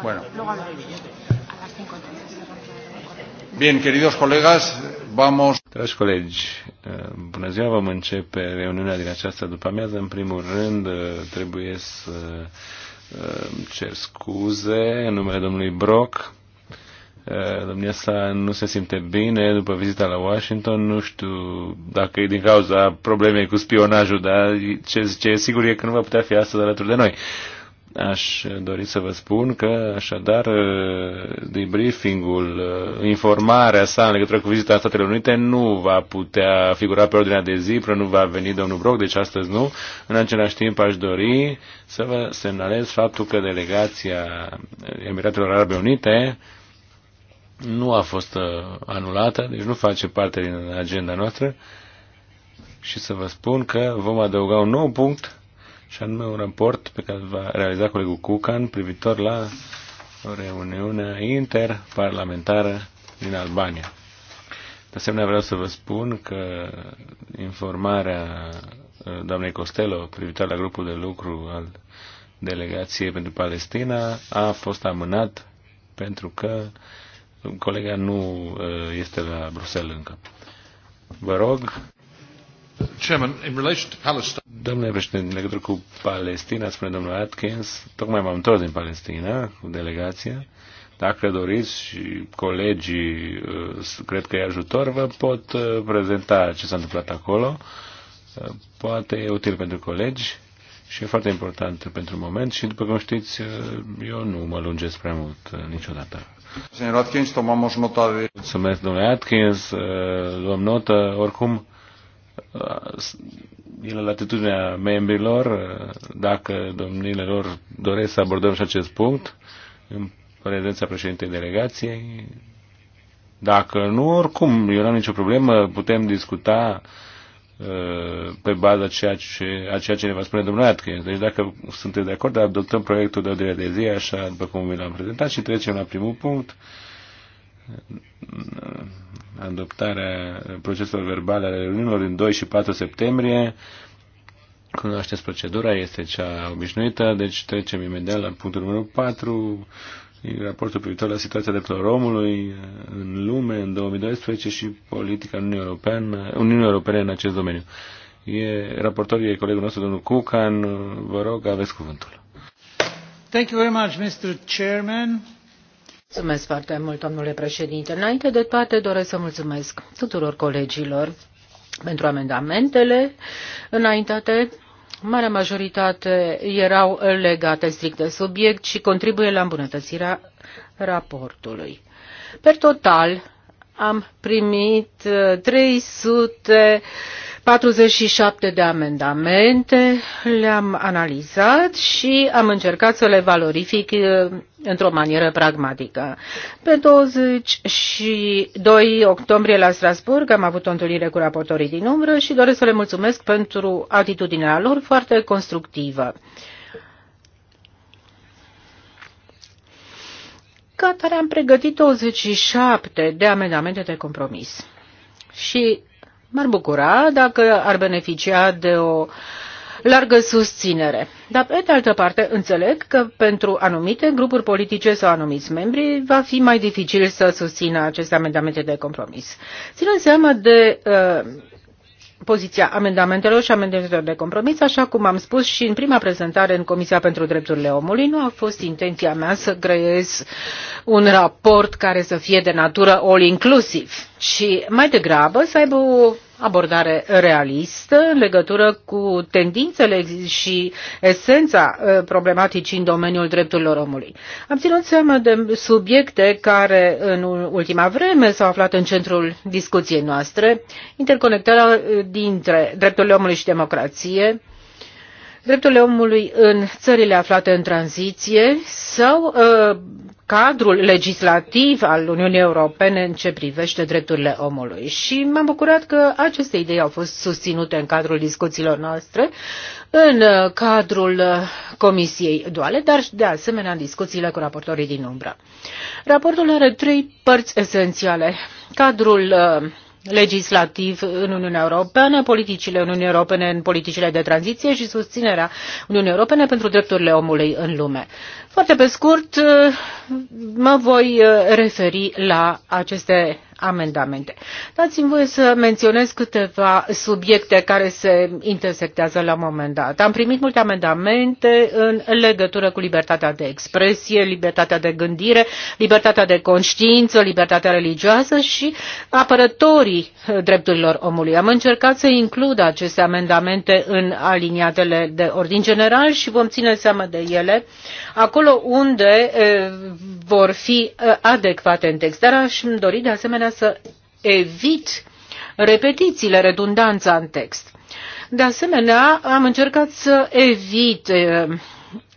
Bueno. Bien, queridos colegas, vamos... Dragi colegi, bună ziua, vom începe reuniunea din această după amiază. În primul rând, trebuie să uh, cer scuze în numele domnului Brock. Uh, domnia sa nu se simte bine după vizita la Washington, nu știu dacă e din cauza problemei cu spionajul, dar ce, ce e sigur e că nu va putea fi astăzi alături de noi. Aș dori să vă spun că, așadar, ă, debriefingul, ă, informarea sa în legătură cu vizita Statele Unite nu va putea figura pe ordinea de zi, până nu va veni domnul Brock, deci astăzi nu. În același timp aș dori să vă semnalez faptul că delegația Emiratelor Arabe Unite nu a fost ă, anulată, deci nu face parte din agenda noastră și să vă spun că vom adăuga un nou punct și anume un raport pe care va realiza colegul Cucan privitor la o reuniune interparlamentară din Albania. De asemenea, vreau să vă spun că informarea uh, doamnei Costello privitor la grupul de lucru al delegației pentru Palestina a fost amânat pentru că colega nu uh, este la Bruxelles încă. Vă rog. Domnule președinte, în legătură cu Palestina, spune domnul Atkins, tocmai m-am întors din Palestina cu delegația. Dacă doriți și colegii uh, cred că e ajutor, vă pot uh, prezenta ce s-a întâmplat acolo. Uh, poate e util pentru colegi și e foarte important pentru moment și, după cum știți, eu nu mă lungesc prea mult niciodată. Senor Atkins, tomamos nota de... Mulțumesc, domnule Atkins, luăm notă. Oricum, Uh, e la latitudinea membrilor, uh, dacă lor doresc să abordăm și acest punct, în prezența președintei delegației. Dacă nu, oricum, eu nu am nicio problemă, putem discuta uh, pe baza ceea ce, a ceea ce ne va spune domnul Atkins. Deci dacă sunteți de acord, adoptăm proiectul de ordine de zi, așa după cum vi l-am prezentat și trecem la primul punct adoptarea proceselor verbale ale reuniunilor din 2 și 4 septembrie. Cunoașteți procedura, este cea obișnuită, deci trecem imediat la punctul numărul 4, raportul privitor la situația drepturilor omului în lume în 2012 și politica Uniunii Europene, Uniunii Europene în acest domeniu. E, raportorul e colegul nostru, domnul Cucan. Vă rog, aveți cuvântul. Thank you very much, Mr. Chairman. Mulțumesc foarte mult, domnule președinte. Înainte de toate, doresc să mulțumesc tuturor colegilor pentru amendamentele înaintate. Marea majoritate erau legate strict de subiect și contribuie la îmbunătățirea raportului. Per total, am primit 300 47 de amendamente le-am analizat și am încercat să le valorific uh, într-o manieră pragmatică. Pe 22 octombrie la Strasburg am avut o întâlnire cu raportorii din umbră și doresc să le mulțumesc pentru atitudinea lor foarte constructivă. Ca am pregătit 27 de amendamente de compromis. Și M-ar bucura dacă ar beneficia de o largă susținere. Dar, pe de altă parte, înțeleg că pentru anumite grupuri politice sau anumiți membri va fi mai dificil să susțină aceste amendamente de compromis. Ținând seama de uh, poziția amendamentelor și amendamentelor de compromis, așa cum am spus și în prima prezentare în Comisia pentru Drepturile Omului, nu a fost intenția mea să creez un raport care să fie de natură all-inclusive și mai degrabă să aibă o abordare realistă în legătură cu tendințele și esența uh, problematicii în domeniul drepturilor omului. Am ținut seama de subiecte care în ultima vreme s-au aflat în centrul discuției noastre, interconectarea uh, dintre drepturile omului și democrație, drepturile omului în țările aflate în tranziție sau uh, cadrul legislativ al Uniunii Europene în ce privește drepturile omului. Și m-am bucurat că aceste idei au fost susținute în cadrul discuțiilor noastre, în uh, cadrul uh, Comisiei Duale, dar de asemenea în discuțiile cu raportorii din umbră. Raportul are trei părți esențiale. Cadrul uh, legislativ în Uniunea Europeană, politicile Uniunii Europene în politicile de tranziție și susținerea Uniunii Europene pentru drepturile omului în lume. Foarte pe scurt, mă voi eh, referi la aceste amendamente. Dați-mi voie să menționez câteva subiecte care se intersectează la un moment dat. Am primit multe amendamente în legătură cu libertatea de expresie, libertatea de gândire, libertatea de conștiință, libertatea religioasă și apărătorii drepturilor omului. Am încercat să includ aceste amendamente în aliniatele de ordin general și vom ține seama de ele acolo unde eh, vor fi eh, adecvate în text. Dar aș dori de asemenea să evit repetițiile, redundanța în text. De asemenea, am încercat să evit eh,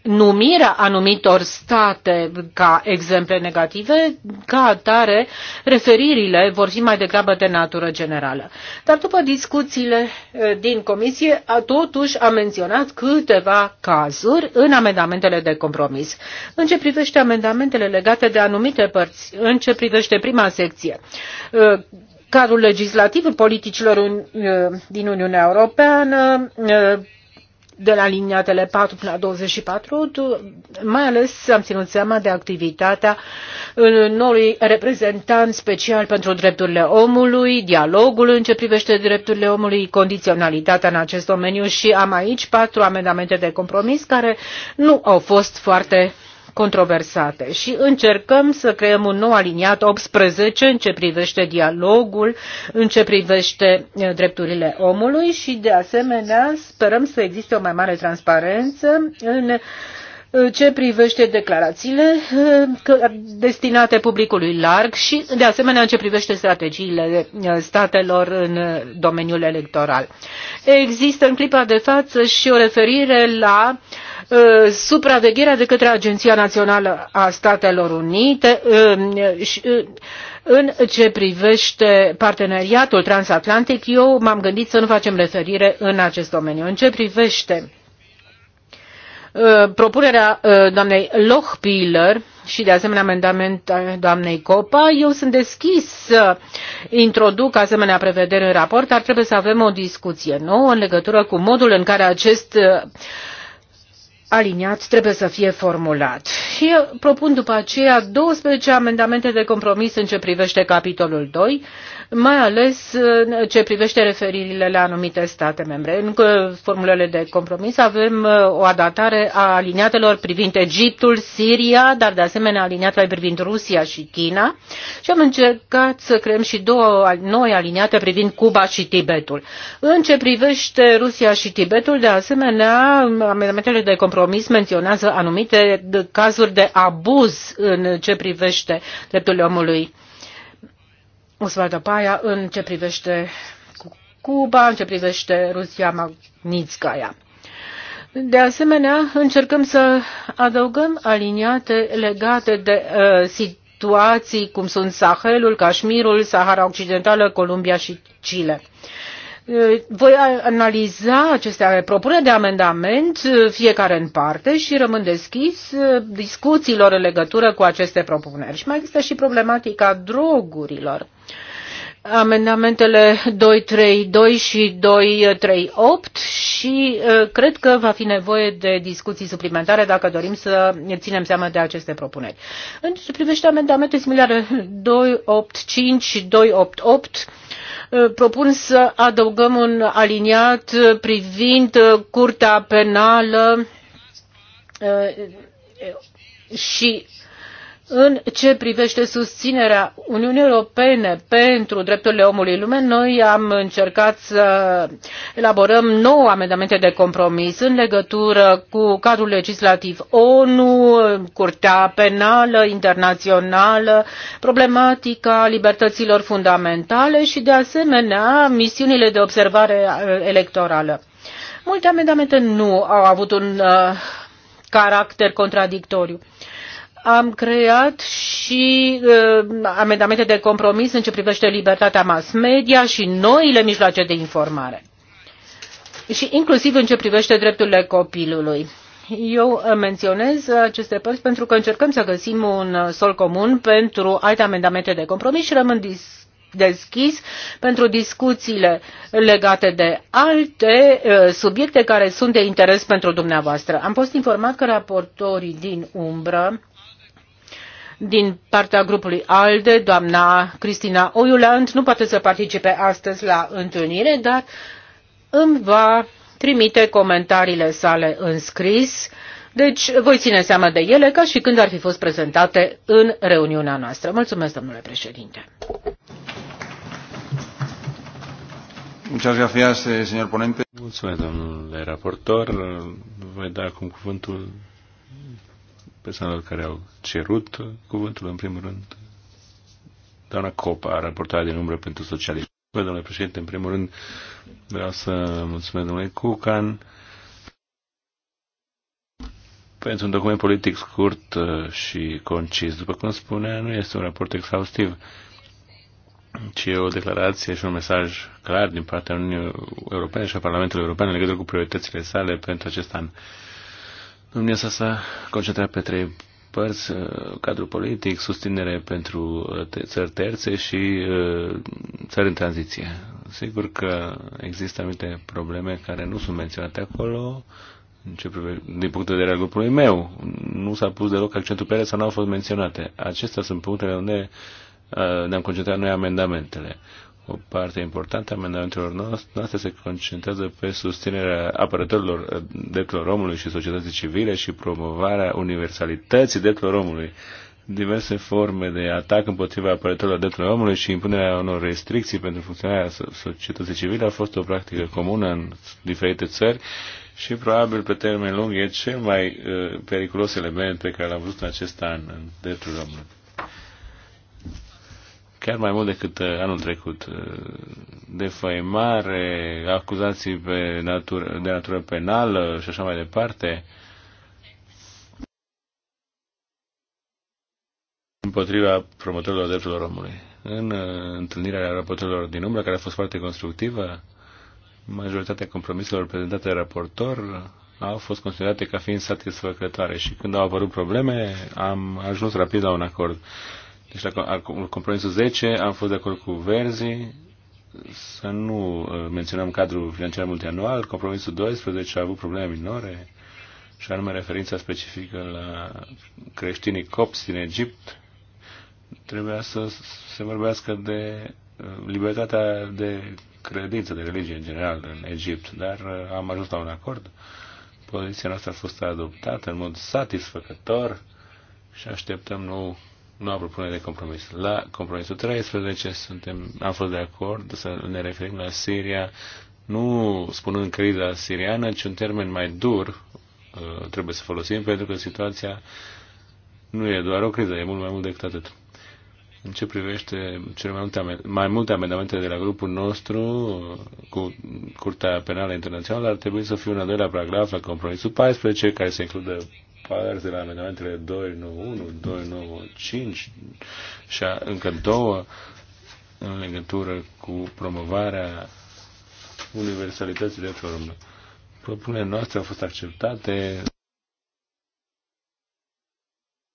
numirea anumitor state ca exemple negative, ca atare, referirile vor fi mai degrabă de natură generală. Dar după discuțiile eh, din comisie, totuși am menționat câteva cazuri în amendamentele de compromis. În ce privește amendamentele legate de anumite părți, în ce privește prima secție, eh, cadrul legislativ politicilor eh, din Uniunea Europeană, de la liniatele 4 până la 24, mai ales am ținut seama de activitatea noului reprezentant special pentru drepturile omului, dialogul în ce privește drepturile omului, condiționalitatea în acest domeniu și am aici patru amendamente de compromis care nu au fost foarte controversate și încercăm să creăm un nou aliniat 18 în ce privește dialogul, în ce privește eh, drepturile omului și de asemenea sperăm să existe o mai mare transparență în ce privește declarațiile eh, destinate publicului larg și, de asemenea, în ce privește strategiile eh, statelor în eh, domeniul electoral. Există în clipa de față și o referire la supravegherea de către Agenția Națională a Statelor Unite în ce privește parteneriatul transatlantic, eu m-am gândit să nu facem referire în acest domeniu. În ce privește Uh, propunerea uh, doamnei lochbihler și de asemenea amendamentul doamnei Copa, eu sunt deschis să introduc asemenea prevederi în raport, dar trebuie să avem o discuție nouă în legătură cu modul în care acest uh, aliniat trebuie să fie formulat. Și eu propun după aceea 12 amendamente de compromis în ce privește capitolul 2, mai ales în ce privește referirile la anumite state membre. În uh, formulele de compromis avem uh, o adaptare a aliniatelor privind Egiptul, Siria, dar de asemenea aliniatelor privind Rusia și China și am încercat să creăm și două noi aliniate privind Cuba și Tibetul. În ce privește Rusia și Tibetul, de asemenea, amendamentele de compromis menționează anumite cazuri de abuz în ce privește drepturile omului Osvaldo Paia în ce privește Cuba, în ce privește Rusia Magnitskaya. De asemenea, încercăm să adăugăm aliniate legate de uh, situații cum sunt Sahelul, Cașmirul, Sahara Occidentală, Columbia și Chile. Uh, voi analiza aceste propuneri de amendament, uh, fiecare în parte, și rămân deschis uh, discuțiilor în legătură cu aceste propuneri. Și mai există și problematica drogurilor. Uh, amendamentele doi, doi și opt și uh, cred că va fi nevoie de discuții suplimentare dacă dorim să ținem seama de aceste propuneri. În ce privește amendamente similare cinci și doi opt, uh, propun să adăugăm un aliniat privind uh, curtea penală și în ce privește susținerea Uniunii Europene pentru drepturile omului în lume, noi am încercat să elaborăm nouă amendamente de compromis în legătură cu cadrul legislativ ONU, Curtea Penală Internațională, problematica libertăților fundamentale și, de asemenea, misiunile de observare uh, electorală. Multe amendamente nu au avut un uh, caracter contradictoriu am creat și uh, amendamente de compromis în ce privește libertatea mass media și noile mijloace de informare. Și inclusiv în ce privește drepturile copilului. Eu menționez aceste părți pentru că încercăm să găsim un sol comun pentru alte amendamente de compromis și rămân dis- deschis pentru discuțiile legate de alte uh, subiecte care sunt de interes pentru dumneavoastră. Am fost informat că raportorii din umbră din partea grupului ALDE, doamna Cristina Oiuland nu poate să participe astăzi la întâlnire, dar îmi va trimite comentariile sale în scris, deci voi ține seama de ele ca și când ar fi fost prezentate în reuniunea noastră. Mulțumesc, domnule președinte. Eh, Mulțumesc, domnule raportor. Voi da acum cuvântul persoanelor care au cerut cuvântul, în primul rând, doamna Copa, raportarea din umbră pentru socialism. domnule președinte, în primul rând vreau să mulțumesc domnului Cucan pentru un document politic scurt uh, și concis. După cum spunea, nu este un raport exhaustiv, ci e o declarație și un mesaj clar din partea Uniunii Europene și a Parlamentului European în legătură cu prioritățile sale pentru acest an. Domnia sa s-a concentrat pe trei părți, uh, cadru politic, susținere pentru uh, țări terțe și uh, țări în tranziție. Sigur că există anumite probleme care nu sunt menționate acolo, din punct de vedere al grupului meu. Nu s-a pus deloc accentul pe ele sau nu au fost menționate. Acestea sunt punctele unde ne-am concentrat noi amendamentele. O parte importantă a amendamentelor noastre se concentrează pe susținerea apărătorilor eh, drepturilor omului și societății civile și promovarea universalității drepturilor omului diverse forme de atac împotriva apărătorilor drepturilor omului și impunerea unor restricții pentru funcționarea societății civile a fost o practică comună în diferite țări și probabil pe termen lung e cel mai uh, periculos element pe care l-am văzut în acest an în drepturile omului chiar mai mult decât uh, anul trecut. Uh, defăimare, acuzații pe natură, de natură penală și așa mai departe. împotriva promotorilor drepturilor omului. În uh, întâlnirea raportorilor din umbră, care a fost foarte constructivă, majoritatea compromiselor prezentate de raportor au fost considerate ca fiind satisfăcătoare și când au apărut probleme am ajuns rapid la un acord. Deci la compromisul 10 am fost de acord cu Verzi să nu uh, menționăm cadrul financiar multianual. Compromisul 12 a avut probleme minore și anume referința specifică la creștinii copți din Egipt. Trebuia să se vorbească de uh, libertatea de credință, de religie în general în Egipt, dar uh, am ajuns la un acord. Poziția noastră a fost adoptată în mod satisfăcător și așteptăm nou noua propunere de compromis. La compromisul 13 suntem, am fost de acord să ne referim la Siria, nu spunând criza siriană, ci un termen mai dur uh, trebuie să folosim, pentru că situația nu e doar o criză, e mult mai mult decât atât. În ce privește cele mai multe, mai multe amendamente de la grupul nostru uh, cu Curtea Penală Internațională, ar trebui să fie un al doilea paragraf la compromisul 14, care se includă părți de la amendamentele 291, 295 și încă două în legătură cu promovarea universalității de formă. Propunerile noastre au fost acceptate.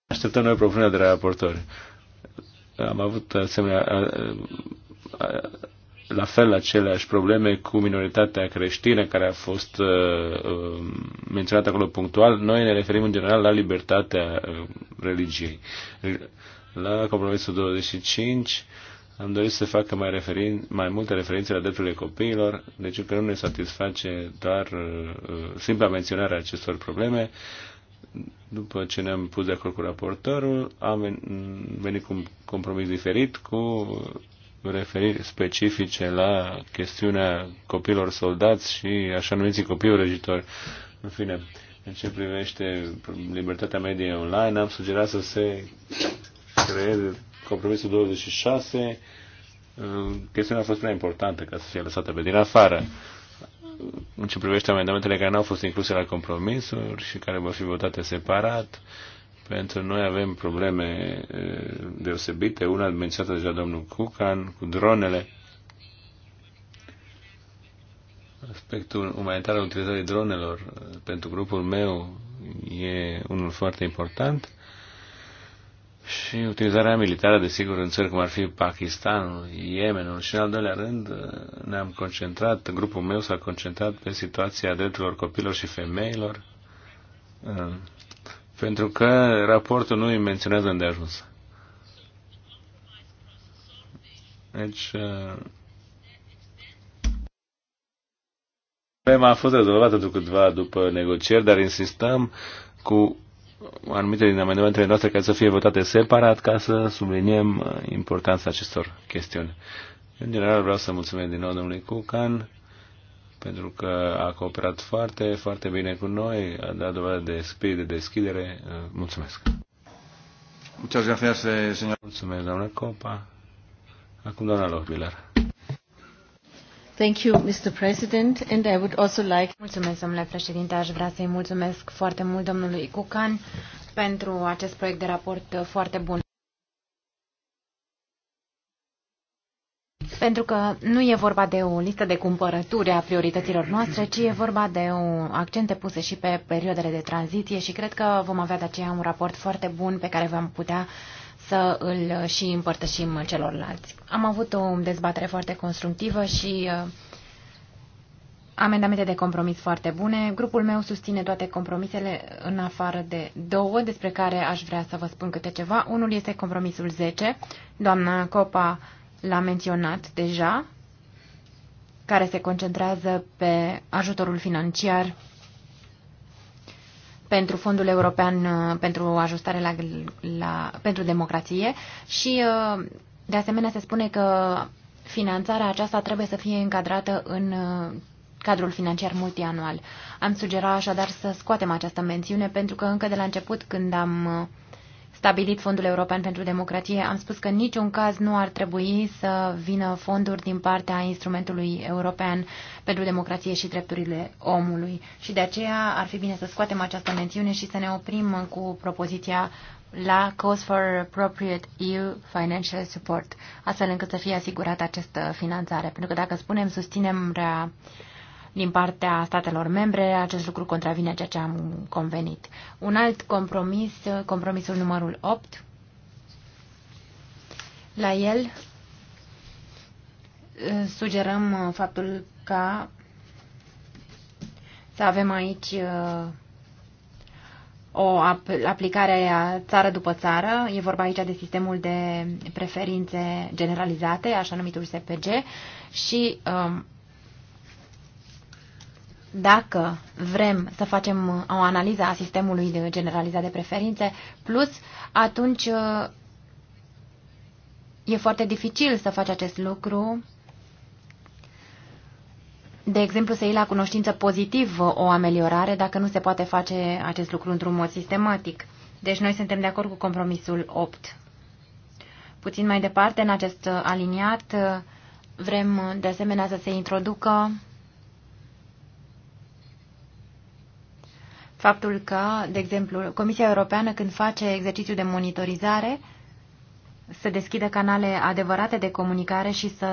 Așteptăm noi propunerea de la raportori. Am avut asemenea la fel aceleași probleme cu minoritatea creștină care a fost uh, um, menționată acolo punctual. Noi ne referim în general la libertatea uh, religiei. La compromisul 25 am dorit să facă mai, referin, mai multe referințe la drepturile copiilor, deci că nu ne satisface doar uh, uh simpla menționarea acestor probleme. După ce ne-am pus de acord cu raportorul, am venit cu un compromis diferit cu referiri specifice la chestiunea copilor soldați și așa numiții copii urăjitori. În fine, în ce privește libertatea medie online, am sugerat să se creeze compromisul 26. Chestiunea a fost prea importantă ca să fie lăsată pe din afară. În ce privește amendamentele care nu au fost incluse la compromisuri și care vor fi votate separat, pentru noi avem probleme deosebite. Una menționată deja domnul Cucan cu dronele. Aspectul umanitar al utilizării dronelor pentru grupul meu e unul foarte important. Și utilizarea militară, desigur, în țări cum ar fi Pakistanul, Yemenul și, în al doilea rând, ne-am concentrat, grupul meu s-a concentrat pe situația drepturilor copilor și femeilor pentru că raportul nu îi menționează îndeajuns. Deci, uh, problema a fost rezolvată de câteva după negocieri, dar insistăm cu anumite din amendamentele noastre care să fie votate separat ca să subliniem uh, importanța acestor chestiuni. În general vreau să mulțumesc din nou domnului Cucan pentru că a cooperat foarte, foarte bine cu noi, a dat dovadă de spirit de deschidere. Mulțumesc! Muchas gracias, eh, señor. Mulțumesc, doamna Copa. Acum, doamna Lohbilar. Thank you, Mr. President, and I would also like... Mulțumesc, domnule președinte. Aș vrea să-i mulțumesc foarte mult domnului Cucan pentru acest proiect de raport foarte bun. pentru că nu e vorba de o listă de cumpărături a priorităților noastre, ci e vorba de accente puse și pe perioadele de tranziție și cred că vom avea de aceea un raport foarte bun pe care vom putea să îl și împărtășim celorlalți. Am avut o dezbatere foarte constructivă și uh, amendamente de compromis foarte bune. Grupul meu susține toate compromisele în afară de două, despre care aș vrea să vă spun câte ceva. Unul este compromisul 10. Doamna Copa l-a menționat deja, care se concentrează pe ajutorul financiar pentru Fondul European uh, pentru Ajustare la, la, pentru Democrație și, uh, de asemenea, se spune că finanțarea aceasta trebuie să fie încadrată în uh, cadrul financiar multianual. Am sugerat așadar să scoatem această mențiune pentru că încă de la început, când am uh, stabilit Fondul European pentru Democrație, am spus că în niciun caz nu ar trebui să vină fonduri din partea instrumentului european pentru democrație și drepturile omului. Și de aceea ar fi bine să scoatem această mențiune și să ne oprim cu propoziția la Calls for Appropriate EU Financial Support, astfel încât să fie asigurată această finanțare. Pentru că dacă spunem susținem rea din partea statelor membre. Acest lucru contravine ceea ce am convenit. Un alt compromis, compromisul numărul 8, la el sugerăm uh, faptul ca să avem aici uh, o aplicare a țară după țară. E vorba aici de sistemul de preferințe generalizate, așa numitul SPG, și um, dacă vrem să facem o analiză a sistemului de generalizat de preferințe, plus, atunci uh, e foarte dificil să faci acest lucru. De exemplu, să iei la cunoștință pozitiv o ameliorare dacă nu se poate face acest lucru într-un mod sistematic. Deci noi suntem de acord cu compromisul 8. Puțin mai departe, în acest aliniat, uh, vrem de asemenea să se introducă faptul că, de exemplu, Comisia Europeană când face exercițiu de monitorizare, să deschidă canale adevărate de comunicare și să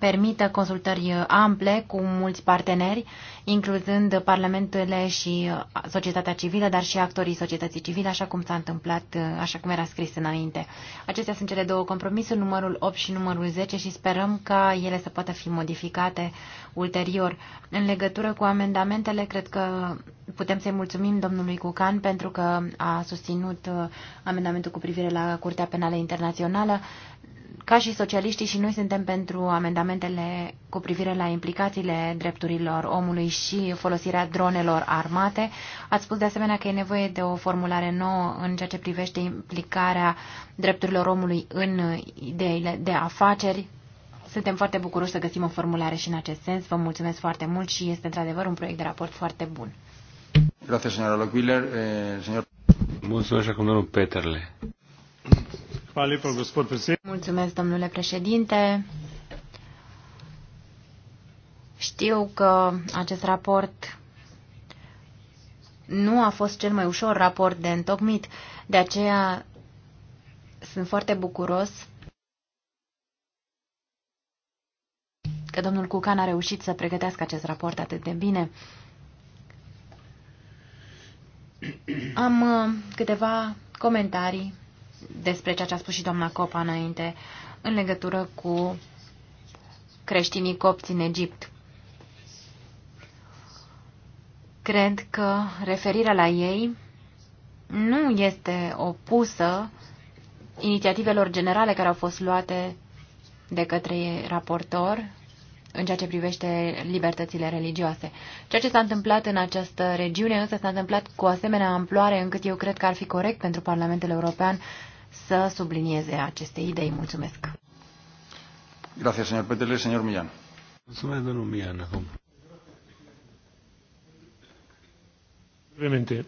permită consultări ample cu mulți parteneri, incluzând parlamentele și societatea civilă, dar și actorii societății civile, așa cum s-a întâmplat, așa cum era scris înainte. Acestea sunt cele două compromisuri, numărul 8 și numărul 10 și sperăm ca ele să poată fi modificate ulterior. În legătură cu amendamentele, cred că putem să-i mulțumim domnului Cucan pentru că a susținut uh, amendamentul cu privire la Curtea Penală Internațională ca și socialiștii și noi suntem pentru amendamentele cu privire la implicațiile drepturilor omului și folosirea dronelor armate. Ați spus de asemenea că e nevoie de o formulare nouă în ceea ce privește implicarea drepturilor omului în ideile de afaceri. Suntem foarte bucuroși să găsim o formulare și în acest sens. Vă mulțumesc foarte mult și este într-adevăr un proiect de raport foarte bun. señora Eh, señor... Mulțumesc acum domnul Peterle. Mulțumesc, domnule președinte. Știu că acest raport nu a fost cel mai ușor raport de întocmit, de aceea sunt foarte bucuros că domnul Cucan a reușit să pregătească acest raport atât de bine. Am uh, câteva comentarii despre ceea ce a spus și doamna Copa înainte, în legătură cu creștinii copți în Egipt. Cred că referirea la ei nu este opusă inițiativelor generale care au fost luate de către raportor în ceea ce privește libertățile religioase. Ceea ce s-a întâmplat în această regiune însă s-a întâmplat cu asemenea amploare încât eu cred că ar fi corect pentru Parlamentul European să sublinieze aceste idei. Mulțumesc! Gracias, señor Petele, señor Millán. Mulțumesc, domnul Millán, acum. Brevemente,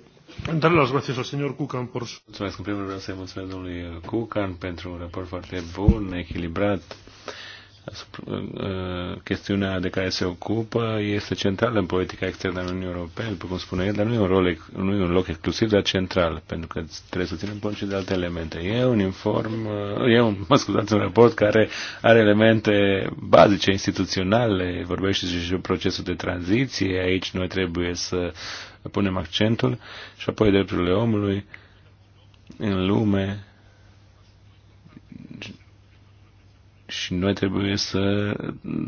Dar las gracias al señor Cucan por su... Mulțumesc, în primul rând, să-i mulțumesc domnului Cucan pentru un raport foarte bun, echilibrat chestiunea de care se ocupă este centrală în politica externă a Uniunii Europene, după cum spune el, dar nu e un, rol, nu e un loc exclusiv, dar central, pentru că trebuie să ținem cont și de alte elemente. E un inform, e un, mă scuzați, un raport care are elemente bazice, instituționale, vorbește și de procesul de tranziție, aici noi trebuie să punem accentul, și apoi drepturile omului în lume, și noi trebuie să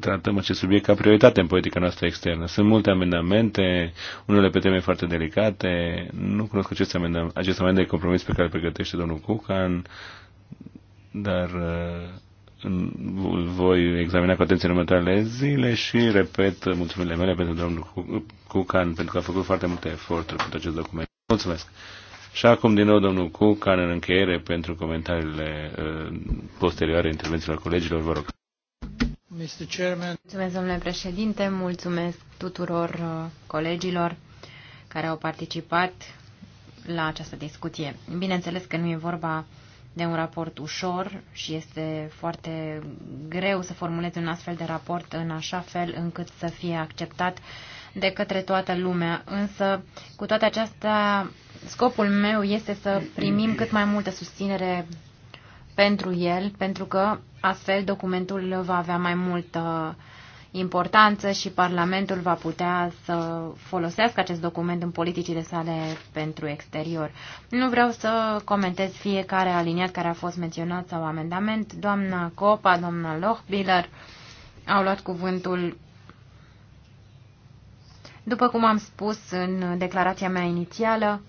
tratăm acest subiect ca prioritate în politica noastră externă. Sunt multe amendamente, unele pe teme foarte delicate. Nu cunosc acest amendament, acest amendament de compromis pe care îl pregătește domnul Cucan, dar uh, voi examina cu atenție în următoarele zile și repet mulțumirile mele pentru domnul Cucan, pentru că a făcut foarte multe eforturi pentru acest document. Mulțumesc! Și acum din nou domnul Cucan în încheiere pentru comentariile uh, posterioare intervențiilor colegilor, vă rog. Mr. Chairman. Mulțumesc, domnule președinte, mulțumesc tuturor uh, colegilor care au participat la această discuție. Bineînțeles că nu e vorba de un raport ușor și este foarte greu să formulezi un astfel de raport în așa fel încât să fie acceptat uh, de către toată lumea, însă cu toate acestea scopul meu este să primim cât mai multă susținere pentru el, pentru că astfel documentul va avea mai multă importanță și Parlamentul va putea să folosească acest document în politicile sale pentru exterior. Nu vreau să comentez fiecare aliniat care a fost menționat sau amendament. Doamna Copa, doamna Lochbiller au luat cuvântul după cum am spus în declarația mea inițială,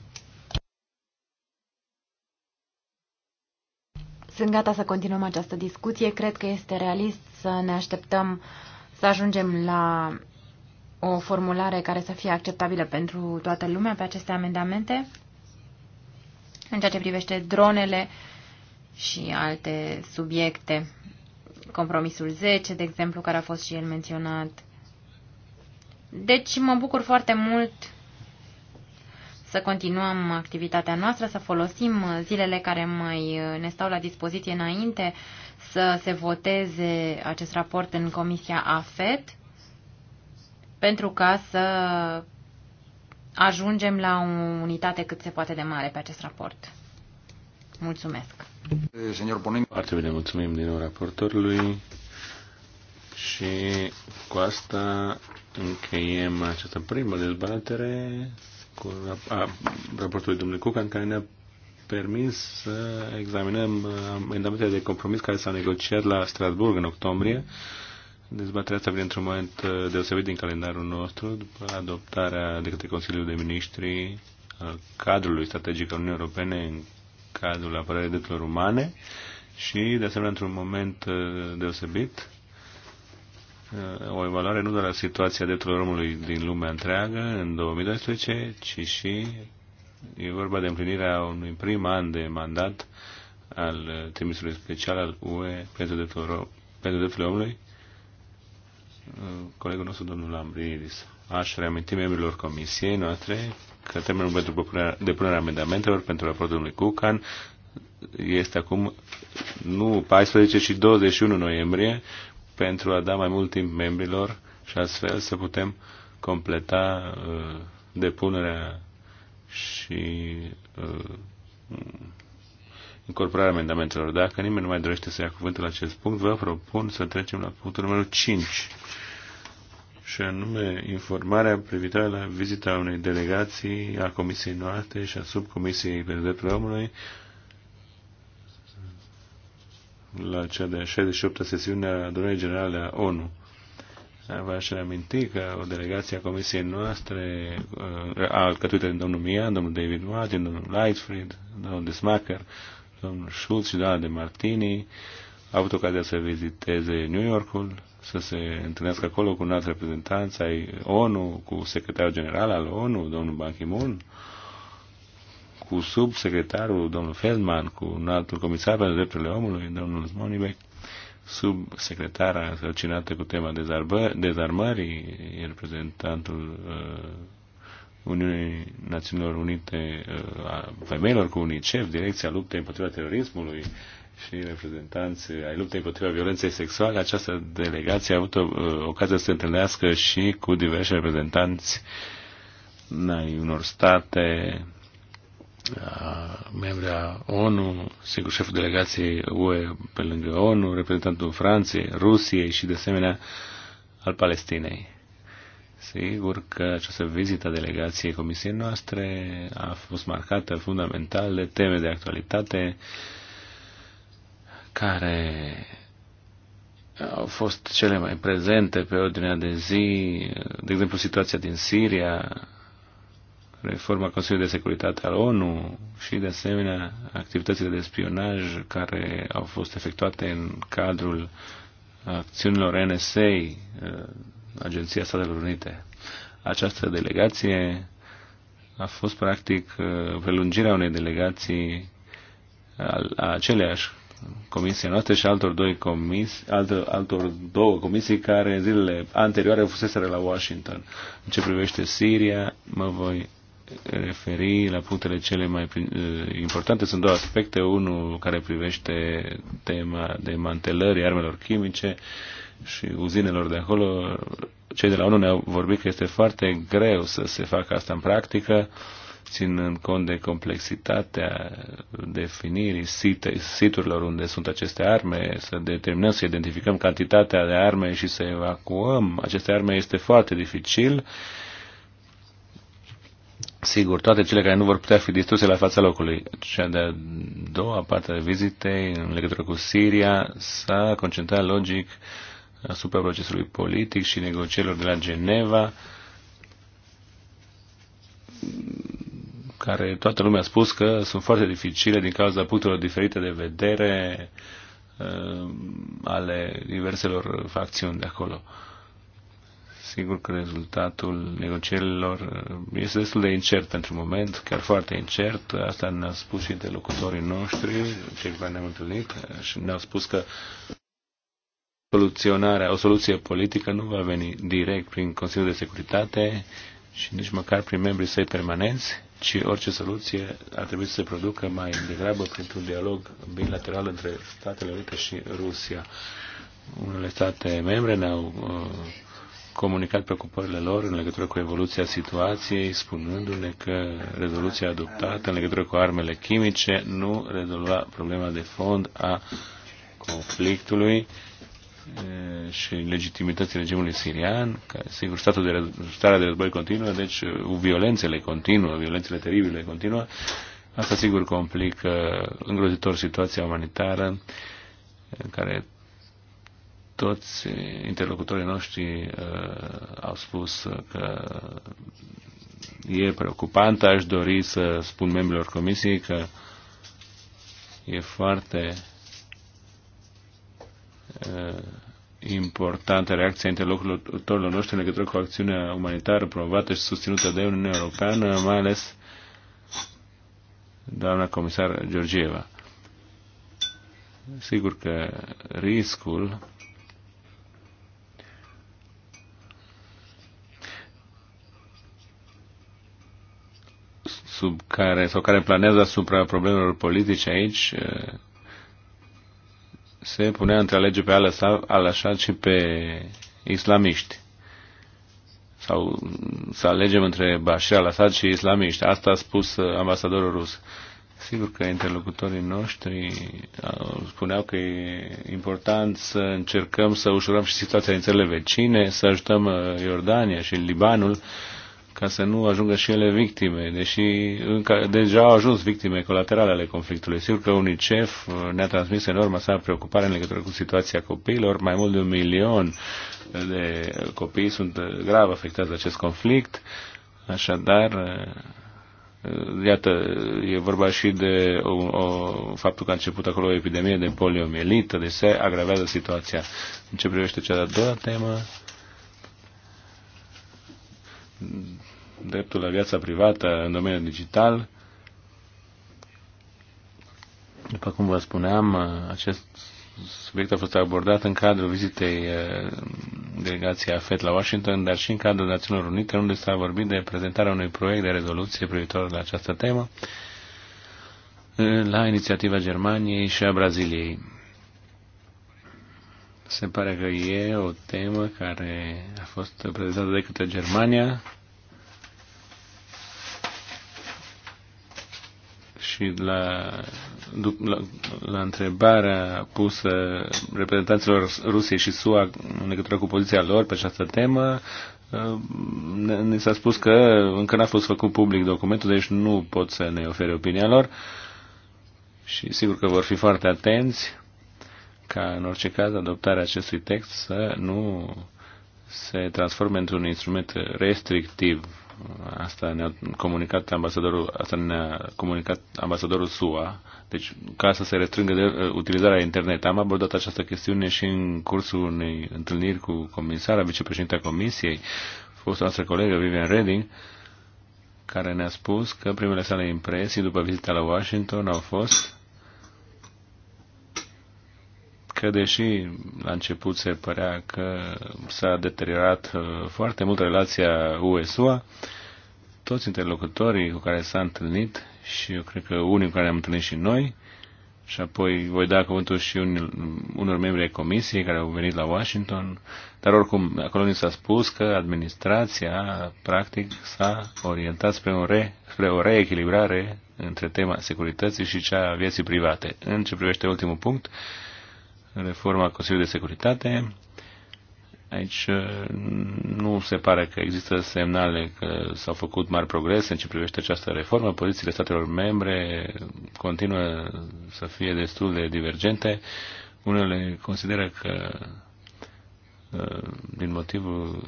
sunt gata să continuăm această discuție. Cred că este realist să ne așteptăm să ajungem la o formulare care să fie acceptabilă pentru toată lumea pe aceste amendamente în ceea ce privește dronele și alte subiecte. Compromisul 10, de exemplu, care a fost și el menționat, deci mă bucur foarte mult să continuăm activitatea noastră, să folosim zilele care mai uh, ne stau la dispoziție înainte să se voteze acest raport în Comisia AFET pentru ca să ajungem la o unitate cât se poate de mare pe acest raport. Mulțumesc. Foarte bine, mulțumim din nou raportorului și cu asta încheiem această primă dezbatere cu raportul domnului Cucan, care ne-a permis să examinăm uh, amendamentele de compromis care s-au negociat la Strasburg în octombrie. Dezbaterea asta vine într-un moment uh, deosebit din calendarul nostru, după adoptarea de către Consiliul de Ministri al uh, cadrului strategic al Uniunii Europene în cadrul apărării drepturilor umane și, de asemenea, într-un moment deosebit o evaluare nu doar a situația drepturilor omului din lumea întreagă în 2012, ci și e vorba de împlinirea unui prim an de mandat al trimisului special al UE pentru drepturile, pentru drepturile omului, colegul nostru, domnul Lambridis. Aș reaminti membrilor comisiei noastre că termenul pentru depunerea amendamentelor pentru raportul lui Cucan este acum nu 14, ci 21 noiembrie, pentru a da mai mult timp membrilor și astfel să putem completa uh, depunerea și uh, incorporarea amendamentelor. Dacă nimeni nu mai dorește să ia cuvântul la acest punct, vă propun să trecem la punctul numărul 5 și anume informarea privitoare la vizita unei delegații a comisiei noastre și a subcomisiei pentru drepturile omului la cea de 68-a sesiune a Adunării Generale a ONU. V-aș reaminti că o delegație a comisiei noastre uh, a alcătuită din domnul Mian, domnul David Martin, domnul Lightfried, domnul Desmacher, domnul Schulz și doamna de Martini a avut ocazia să viziteze New Yorkul, să se întâlnească acolo cu un alt reprezentant ai ONU, cu secretarul general al ONU, domnul Ban Ki-moon, cu subsecretarul, domnul Feldman, cu un altul comisar pentru drepturile omului, domnul Zmonibek, subsecretara însărcinată cu tema dezarmării, reprezentantul uh, Uniunii Națiunilor Unite uh, a Femeilor cu UNICEF, Direcția Luptei împotriva terorismului și reprezentanți ai luptei împotriva violenței sexuale. Această delegație a avut o, uh, ocazia să se întâlnească și cu diverse reprezentanți ai unor state membri a ONU, sigur șeful delegației UE pe lângă ONU, reprezentantul Franței, Rusiei și de asemenea al Palestinei. Sigur că această vizită a delegației comisiei noastre a fost marcată fundamental de teme de actualitate care au fost cele mai prezente pe ordinea de zi, de exemplu situația din Siria, reforma Consiliului de Securitate al ONU și, de asemenea, activitățile de spionaj care au fost efectuate în cadrul acțiunilor NSA, eh, Agenția Statelor Unite. Această delegație a fost, practic, eh, prelungirea unei delegații a aceleași comisie noastre și altor, doi comis, altor, altor două comisii care în zilele anterioare fuseseră la Washington. În ce privește Siria, mă voi referi la punctele cele mai eh, importante. Sunt două aspecte. Unul care privește tema de mantelări armelor chimice și uzinelor de acolo. Cei de la ONU ne-au vorbit că este foarte greu să se facă asta în practică, ținând cont de complexitatea definirii site, siturilor unde sunt aceste arme, să determinăm, să identificăm cantitatea de arme și să evacuăm aceste arme este foarte dificil Sigur, toate cele care nu vor putea fi distruse la fața locului. Cea de-a doua parte a vizitei în legătură cu Siria s-a concentrat logic asupra procesului politic și negocierilor de la Geneva, care toată lumea a spus că sunt foarte dificile din cauza punctelor diferite de vedere um, ale diverselor facțiuni de acolo sigur că rezultatul negocierilor uh, este destul de incert pentru moment, chiar foarte incert. Asta ne a spus și interlocutorii noștri, cei care ne-am întâlnit, uh, și ne-au spus că soluționarea, o soluție politică nu va veni direct prin Consiliul de Securitate și nici măcar prin membrii săi permanenți, ci orice soluție ar trebui să se producă mai degrabă printr-un dialog bilateral între Statele Unite și Rusia. Unele state membre ne-au uh, comunicat preocupările lor în legătură cu evoluția situației, spunându-ne că rezoluția adoptată în legătură cu armele chimice nu rezolva problema de fond a conflictului eh, și legitimității regimului sirian, că, sigur, statul de, starea de război continuă, deci uh, violențele continuă, violențele teribile continuă. Asta, sigur, complică îngrozitor situația umanitară în eh, care toți interlocutorii noștri uh, au spus că e preocupant. Aș dori să spun membrilor comisiei că e foarte uh, importantă reacția interlocutorilor noștri în legătură cu acțiunea umanitară promovată și susținută de Uniunea Europeană, mai ales doamna comisar Georgieva. Sigur că riscul sub care, sau care planează asupra problemelor politice aici se punea între alege pe al așa și pe islamiști. Sau să alegem între Bashar al-Assad și islamiști. Asta a spus uh, ambasadorul rus. Sigur că interlocutorii noștri uh, spuneau că e important să încercăm să ușurăm și situația din țările vecine, să ajutăm uh, Iordania și Libanul ca să nu ajungă și ele victime, deși încă, deja au ajuns victime colaterale ale conflictului. Sigur că UNICEF ne-a transmis enorma sa preocupare în legătură cu situația copiilor. Mai mult de un milion de copii sunt grav afectați de acest conflict. Așadar, iată, e vorba și de o, o, faptul că a început acolo o epidemie de poliomielită, deci se agravează situația. În ce privește cea de-a doua temă, dreptul la viața privată în domeniul digital. După cum vă spuneam, acest subiect a fost abordat în cadrul vizitei eh, delegației AFET la Washington, dar și în cadrul Națiunilor Unite, unde s-a vorbit de prezentarea unui proiect de rezoluție privitor la această temă eh, la inițiativa Germaniei și a Braziliei. Se pare că e o temă care a fost prezentată de către Germania și la, la, la întrebarea pusă reprezentanților Rusiei și SUA în legătură cu poziția lor pe această temă, ne, ne s-a spus că încă n-a fost făcut public documentul, deci nu pot să ne ofere opinia lor și sigur că vor fi foarte atenți ca în orice caz adoptarea acestui text să nu se transforme într-un instrument restrictiv Asta ne-a comunicat ambasadorul, asta ne-a comunicat ambasadorul SUA, deci ca să se restrângă de, uh, utilizarea internet. Am abordat această chestiune și în cursul unei întâlniri cu comisara, vicepreședintea comisiei, fost noastră colegă Vivian Redding, care ne-a spus că primele sale impresii după vizita la Washington au fost că deși la început se părea că s-a deteriorat uh, foarte mult relația U.S.Ua. toți interlocutorii cu care s-a întâlnit și eu cred că unii cu care am întâlnit și noi, și apoi voi da cuvântul și unii, unor membri ai comisiei care au venit la Washington, dar oricum acolo ni s-a spus că administrația practic s-a orientat spre, un re, spre o reechilibrare între tema securității și cea a vieții private. În ce privește ultimul punct, uh, reforma Consiliului de Securitate. Aici uh, nu se pare că există semnale că s-au făcut mari progrese în ce privește această reformă. Pozițiile statelor membre continuă să fie destul de divergente. Unele consideră că uh, din motivul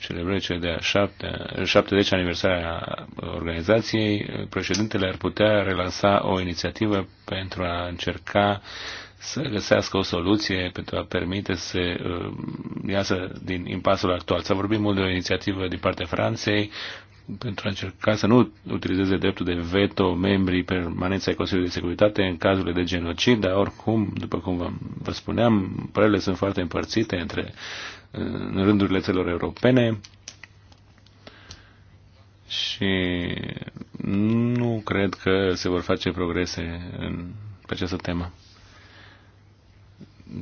celebrării cele de-a 70 aniversare a organizației, președintele ar putea relansa o inițiativă pentru a încerca să găsească o soluție pentru a permite să uh, iasă din impasul actual. S-a vorbit mult de o inițiativă din partea Franței pentru a încerca să nu utilizeze dreptul de veto membrii permanenți ai Consiliului de Securitate în cazurile de genocid, dar oricum, după cum vă spuneam, părerile sunt foarte împărțite între uh, în rândurile țelor europene și nu cred că se vor face progrese în, pe această temă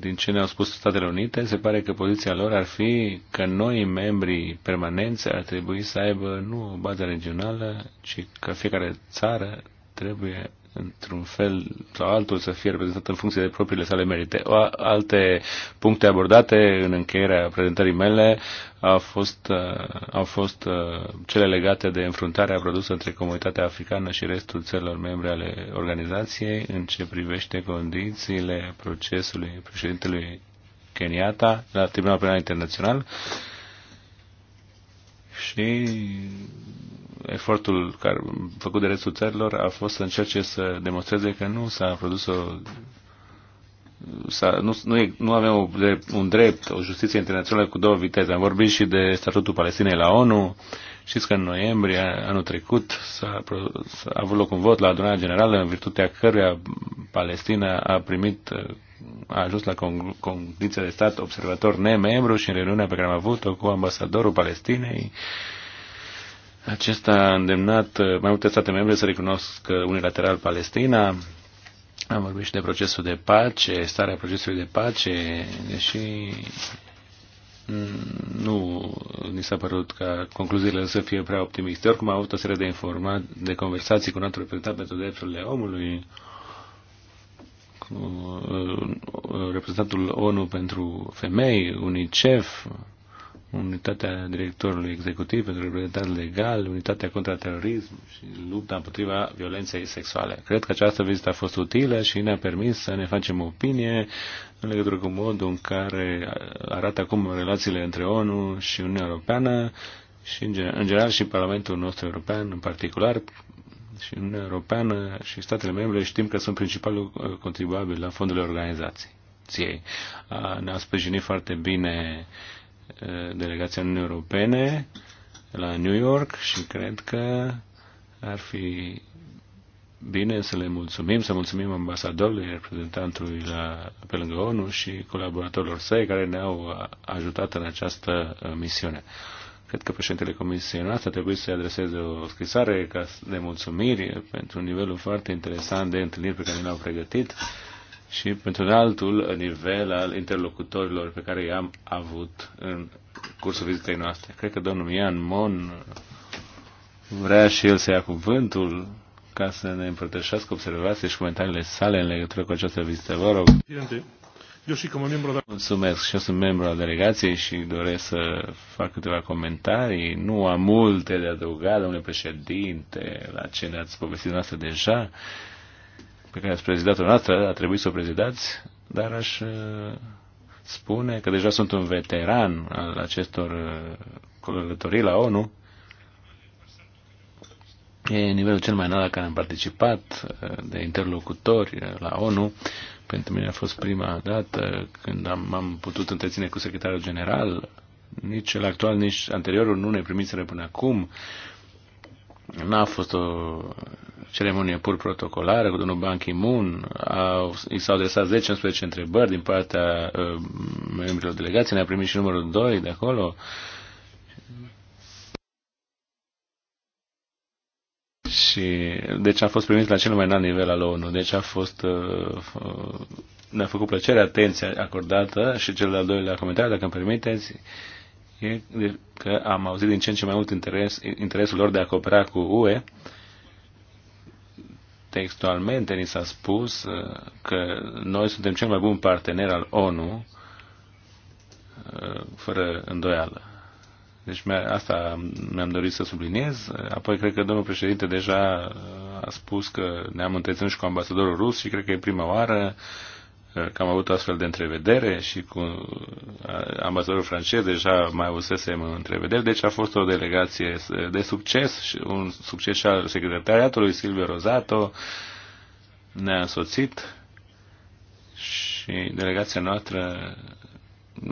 din ce ne-au spus Statele Unite, se pare că poziția lor ar fi că noi, membrii permanenți, ar trebui să aibă nu o bază regională, ci că fiecare țară trebuie într-un fel sau altul să fie reprezentat în funcție de propriile sale merite. Alte puncte abordate în încheierea prezentării mele au fost, uh, au fost uh, cele legate de înfruntarea produsă între comunitatea africană și restul țărilor membre ale organizației în ce privește condițiile procesului președintelui Keniata la Tribunal Penal Internațional și efortul care, făcut de restul țărilor a fost să încerce să demonstreze că nu s-a produs o nu, nu, e, nu avem o, un drept, o justiție internațională cu două viteze. Am vorbit și de statutul Palestinei la ONU. Știți că în noiembrie anul trecut s-a, s-a avut loc un vot la adunarea generală în virtutea căruia Palestina a primit a ajuns la condiția de stat observator nemembru și în reuniunea pe care am avut-o cu ambasadorul Palestinei uh, acesta a îndemnat uh, mai multe state membre să recunoască unilateral Palestina. Am vorbit și de procesul de pace, starea procesului de pace, deși mm, nu ni s-a părut ca concluziile să fie prea optimiste. Oricum am avut o serie de informații, de conversații cu un alt reprezentant pentru drepturile omului, cu uh, uh, reprezentantul ONU pentru femei, UNICEF, unitatea directorului executiv pentru reprezentare legal, unitatea contra terorism și lupta împotriva violenței sexuale. Cred că această vizită a fost utilă și ne-a permis să ne facem opinie în legătură cu modul în care arată acum relațiile între ONU și Uniunea Europeană și în general și Parlamentul nostru european în particular și Uniunea Europeană și statele membre știm că sunt principalul uh, contribuabil la fondurile organizației. Ne-au sprijinit foarte bine uh, Eh, delegația Uniunii Europene la New York și cred că ar fi bine să le mulțumim, să mulțumim ambasadorului, reprezentantului la, pe lângă ONU și colaboratorilor săi care ne-au ajutat în această eh, misiune. Cred că președintele Comisiei noastre trebuie să-i adreseze o scrisoare ca de mulțumiri pentru un nivelul foarte interesant de întâlniri pe care le-au pregătit și pentru altul nivel al interlocutorilor pe care i-am avut în cursul vizitei noastre. Cred că domnul Ian Mon vrea și el să ia cuvântul ca să ne împărtășească observații și comentariile sale în legătură cu această vizită. Vă rog. Eu și cum membru de... Mulțumesc și eu sunt membru al delegației și doresc să fac câteva comentarii. Nu am multe de adăugat, domnule președinte, la ce ne-ați povestit noastră deja. Uh, pe care ați prezidat-o noastră, a trebuit să o prezidați, dar aș uh, spune că deja sunt un veteran al acestor uh, călătorii la ONU. E nivelul cel mai înalt la care am participat uh, de interlocutori la ONU. Pentru mine a fost prima dată când am, am putut întreține cu secretarul general. Nici cel actual, nici anteriorul nu ne primiseră până acum N-a fost o ceremonie pur protocolară cu domnul Ban Ki-moon. Au, i s-au adresat 10-11 întrebări din partea uh, membrilor delegației. Ne-a primit și numărul 2 de acolo. și deci a fost primit la cel mai înalt nivel al ONU. Deci a fost uh, uh, ne-a făcut plăcere atenția acordată și cel de-al doilea comentariu, dacă îmi permiteți, e că am auzit din ce în ce mai mult interes, interesul lor de a coopera cu UE. Textualmente ni s-a spus uh, că noi suntem cel mai bun partener al ONU, uh, fără îndoială. Deci asta mi-am dorit să subliniez. Apoi cred că domnul președinte deja uh, a spus că ne-am întreținut și cu ambasadorul rus și cred că e prima oară uh, că am avut astfel de întrevedere și cu ambasadorul francez deja mai avusesem întrevedere, deci a fost o delegație de succes, un succes și al secretariatului Silvio Rozato, ne-a însoțit și delegația noastră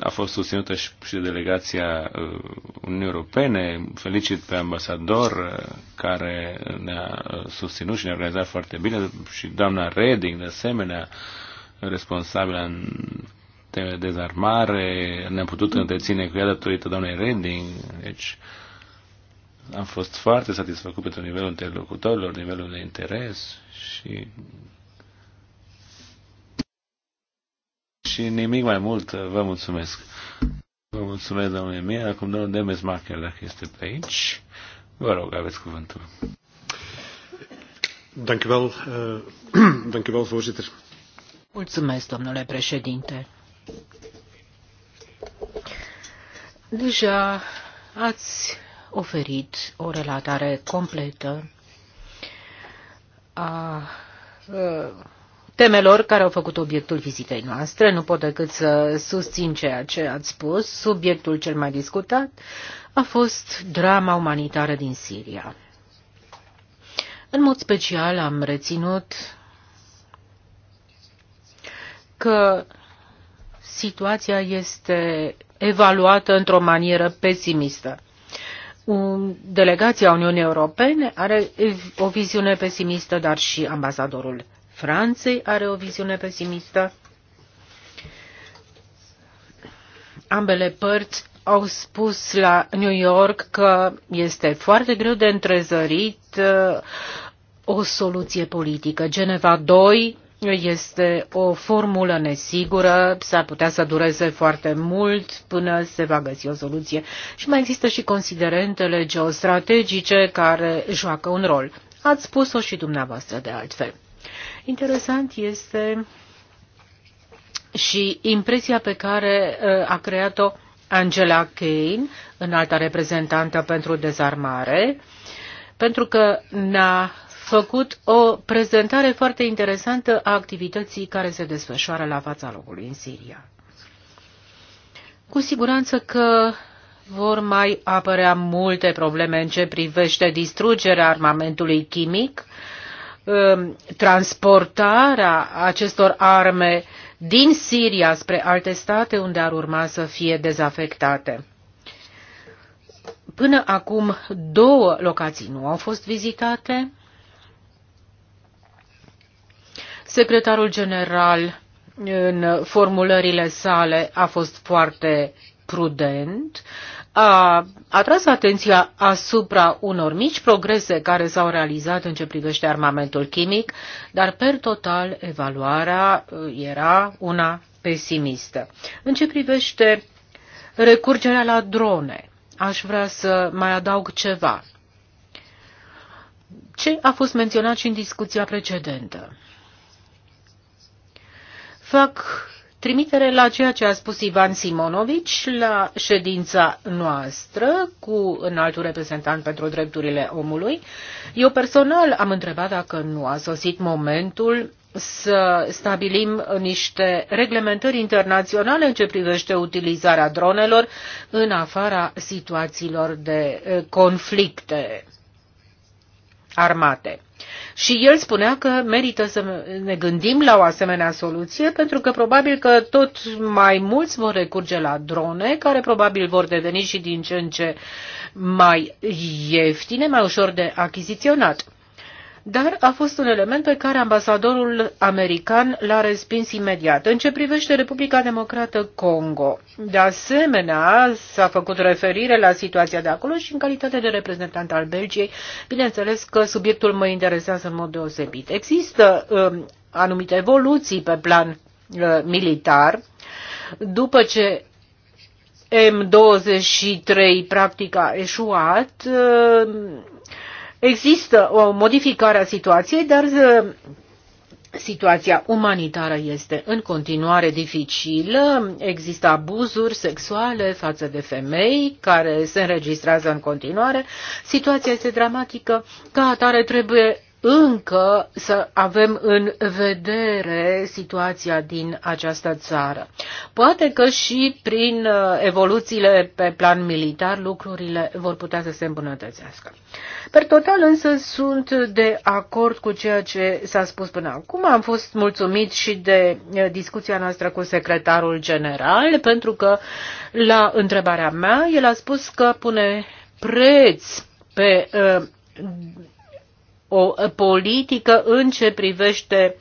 a fost susținută și, și de delegația uh, Uniunii Europene. Felicit pe ambasador uh, care ne-a uh, susținut și ne-a organizat foarte bine și doamna Reding de asemenea responsabilă în teme de dezarmare, ne-am putut întreține cu ea datorită doamnei Reding, deci am fost foarte satisfăcut pentru nivelul interlocutorilor, nivelul de interes și și nimic mai mult. Vă mulțumesc. Vă mulțumesc, domnule mie. Acum domnul Demes Macher, dacă este pe aici. Vă rog, aveți cuvântul. Dank u wel, uh, dank u wel, voorzitter. Mulțumesc, domnule președinte. Deja ați oferit o relatare completă a ă, temelor care au făcut obiectul vizitei noastre. Nu pot decât să susțin ceea ce ați spus. Subiectul cel mai discutat a fost drama umanitară din Siria. În mod special am reținut că situația este evaluată într-o manieră pesimistă. Delegația Uniunii Europene are o viziune pesimistă, dar și ambasadorul Franței are o viziune pesimistă. Ambele părți au spus la New York că este foarte greu de întrezărit uh, o soluție politică. Geneva 2 este o formulă nesigură, s-ar putea să dureze foarte mult până se va găsi o soluție. Și mai există și considerentele geostrategice care joacă un rol. Ați spus-o și dumneavoastră de altfel. Interesant este și impresia pe care uh, a creat-o Angela Kane, înalta reprezentantă pentru dezarmare, pentru că ne-a făcut o prezentare foarte interesantă a activității care se desfășoară la fața locului în Siria. Cu siguranță că vor mai apărea multe probleme în ce privește distrugerea armamentului chimic, um, transportarea acestor arme din Siria spre alte state unde ar urma să fie dezafectate. Până acum două locații nu au fost vizitate Secretarul general, în formulările sale, a fost foarte prudent, a atras atenția asupra unor mici progrese care s-au realizat în ce privește armamentul chimic, dar per total evaluarea uh, era una pesimistă. În ce privește recurgerea la drone, aș vrea să mai adaug ceva. Ce a fost menționat și în discuția precedentă? Fac trimitere la ceea ce a spus Ivan Simonovici la ședința noastră cu înaltul reprezentant pentru drepturile omului. Eu personal am întrebat dacă nu a sosit momentul să stabilim niște reglementări internaționale în ce privește utilizarea dronelor în afara situațiilor de eh, conflicte armate. Și el spunea că merită să ne gândim la o asemenea soluție, pentru că probabil că tot mai mulți vor recurge la drone, care probabil vor deveni și din ce în ce mai ieftine, mai ușor de achiziționat dar a fost un element pe care ambasadorul american l-a respins imediat. În ce privește Republica Democrată Congo, de asemenea, s-a făcut referire la situația de acolo și în calitate de reprezentant al Belgiei, bineînțeles că subiectul mă interesează în mod deosebit. Există um, anumite evoluții pe plan uh, militar, după ce M23 practic a eșuat, uh, Există o modificare a situației, dar uh, Situația umanitară este în continuare dificilă, există abuzuri sexuale față de femei care se înregistrează în continuare, situația este dramatică, ca atare trebuie încă să avem în vedere situația din această țară. Poate că și prin uh, evoluțiile pe plan militar lucrurile vor putea să se îmbunătățească. Per total însă sunt de acord cu ceea ce s-a spus până acum. Am fost mulțumit și de uh, discuția noastră cu secretarul general, pentru că la întrebarea mea el a spus că pune preț pe uh, o politică în ce privește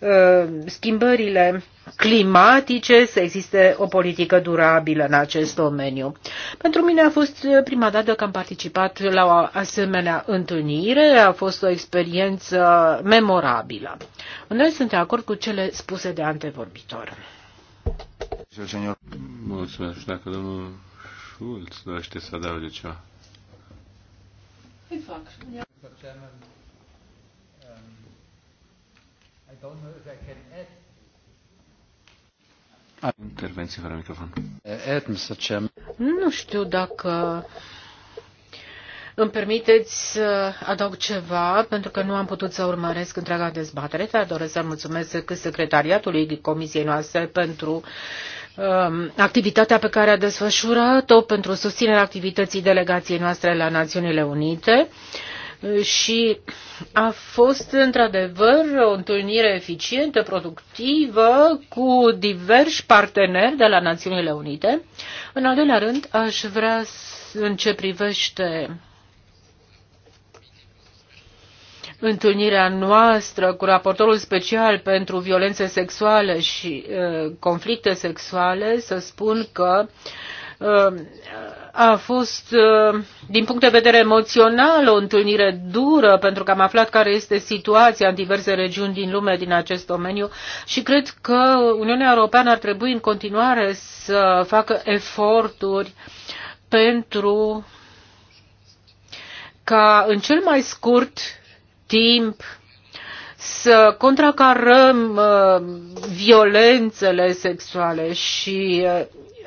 uh, schimbările climatice, să existe o politică durabilă în acest domeniu. Pentru mine a fost prima dată că am participat la o asemenea întâlnire, a fost o experiență memorabilă. Noi suntem de acord cu cele spuse de antevorbitor. Mulțumesc. Dacă domnul Schulz dorește să adauge ceva. Îi fac. Intervenție fără microfon. Eh, nu știu dacă îmi permiteți să adaug ceva, pentru că nu am putut să urmăresc întreaga dezbatere, dar doresc să mulțumesc secretariatului Comisiei noastre pentru um, activitatea pe care a desfășurat-o, pentru susținerea activității delegației noastre la Națiunile Unite. Uh, și a fost într-adevăr o întâlnire eficientă, productivă, cu diversi parteneri de la Națiunile Unite. În al doilea rând, aș vrea în ce privește întâlnirea noastră cu raportorul special pentru violențe sexuale și uh, conflicte sexuale, să spun că uh, a fost, uh, din punct de vedere emoțional, o întâlnire dură, pentru că am aflat care este situația în diverse regiuni din lume din acest domeniu și cred că Uniunea Europeană ar trebui în continuare să facă eforturi pentru ca în cel mai scurt timp să contracarăm uh, violențele sexuale și uh,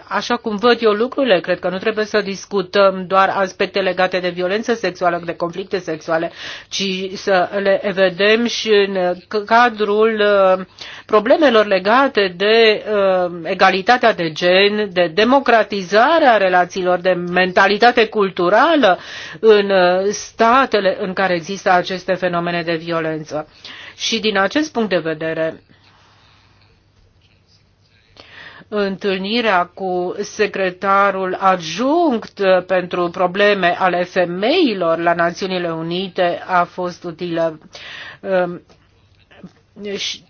așa cum văd eu lucrurile, cred că nu trebuie să discutăm doar aspecte legate de violență sexuală, de conflicte sexuale, ci să le vedem și în cadrul uh, problemelor legate de uh, egalitatea de gen, de democratizarea relațiilor, de mentalitate culturală în uh, statele în care există aceste fenomene de violență. Și din acest punct de vedere, întâlnirea cu secretarul adjunct pentru probleme ale femeilor la Națiunile Unite a fost utilă. Um, și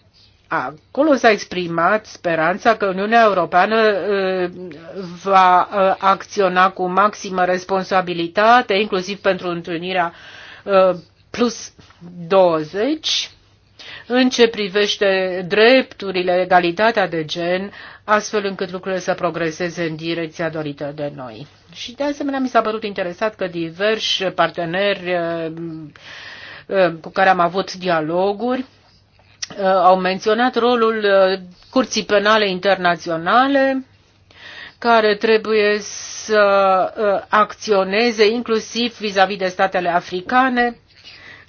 acolo s-a exprimat speranța că Uniunea Europeană uh, va uh, acționa cu maximă responsabilitate, inclusiv pentru întâlnirea uh, plus 20 în ce privește drepturile, egalitatea de gen, astfel încât lucrurile să progreseze în direcția dorită de noi. Și de asemenea mi s-a părut interesat că diversi parteneri uh, uh, cu care am avut dialoguri uh, au menționat rolul Curții Penale Internaționale, care trebuie să acționeze inclusiv vis-a-vis -vis de statele africane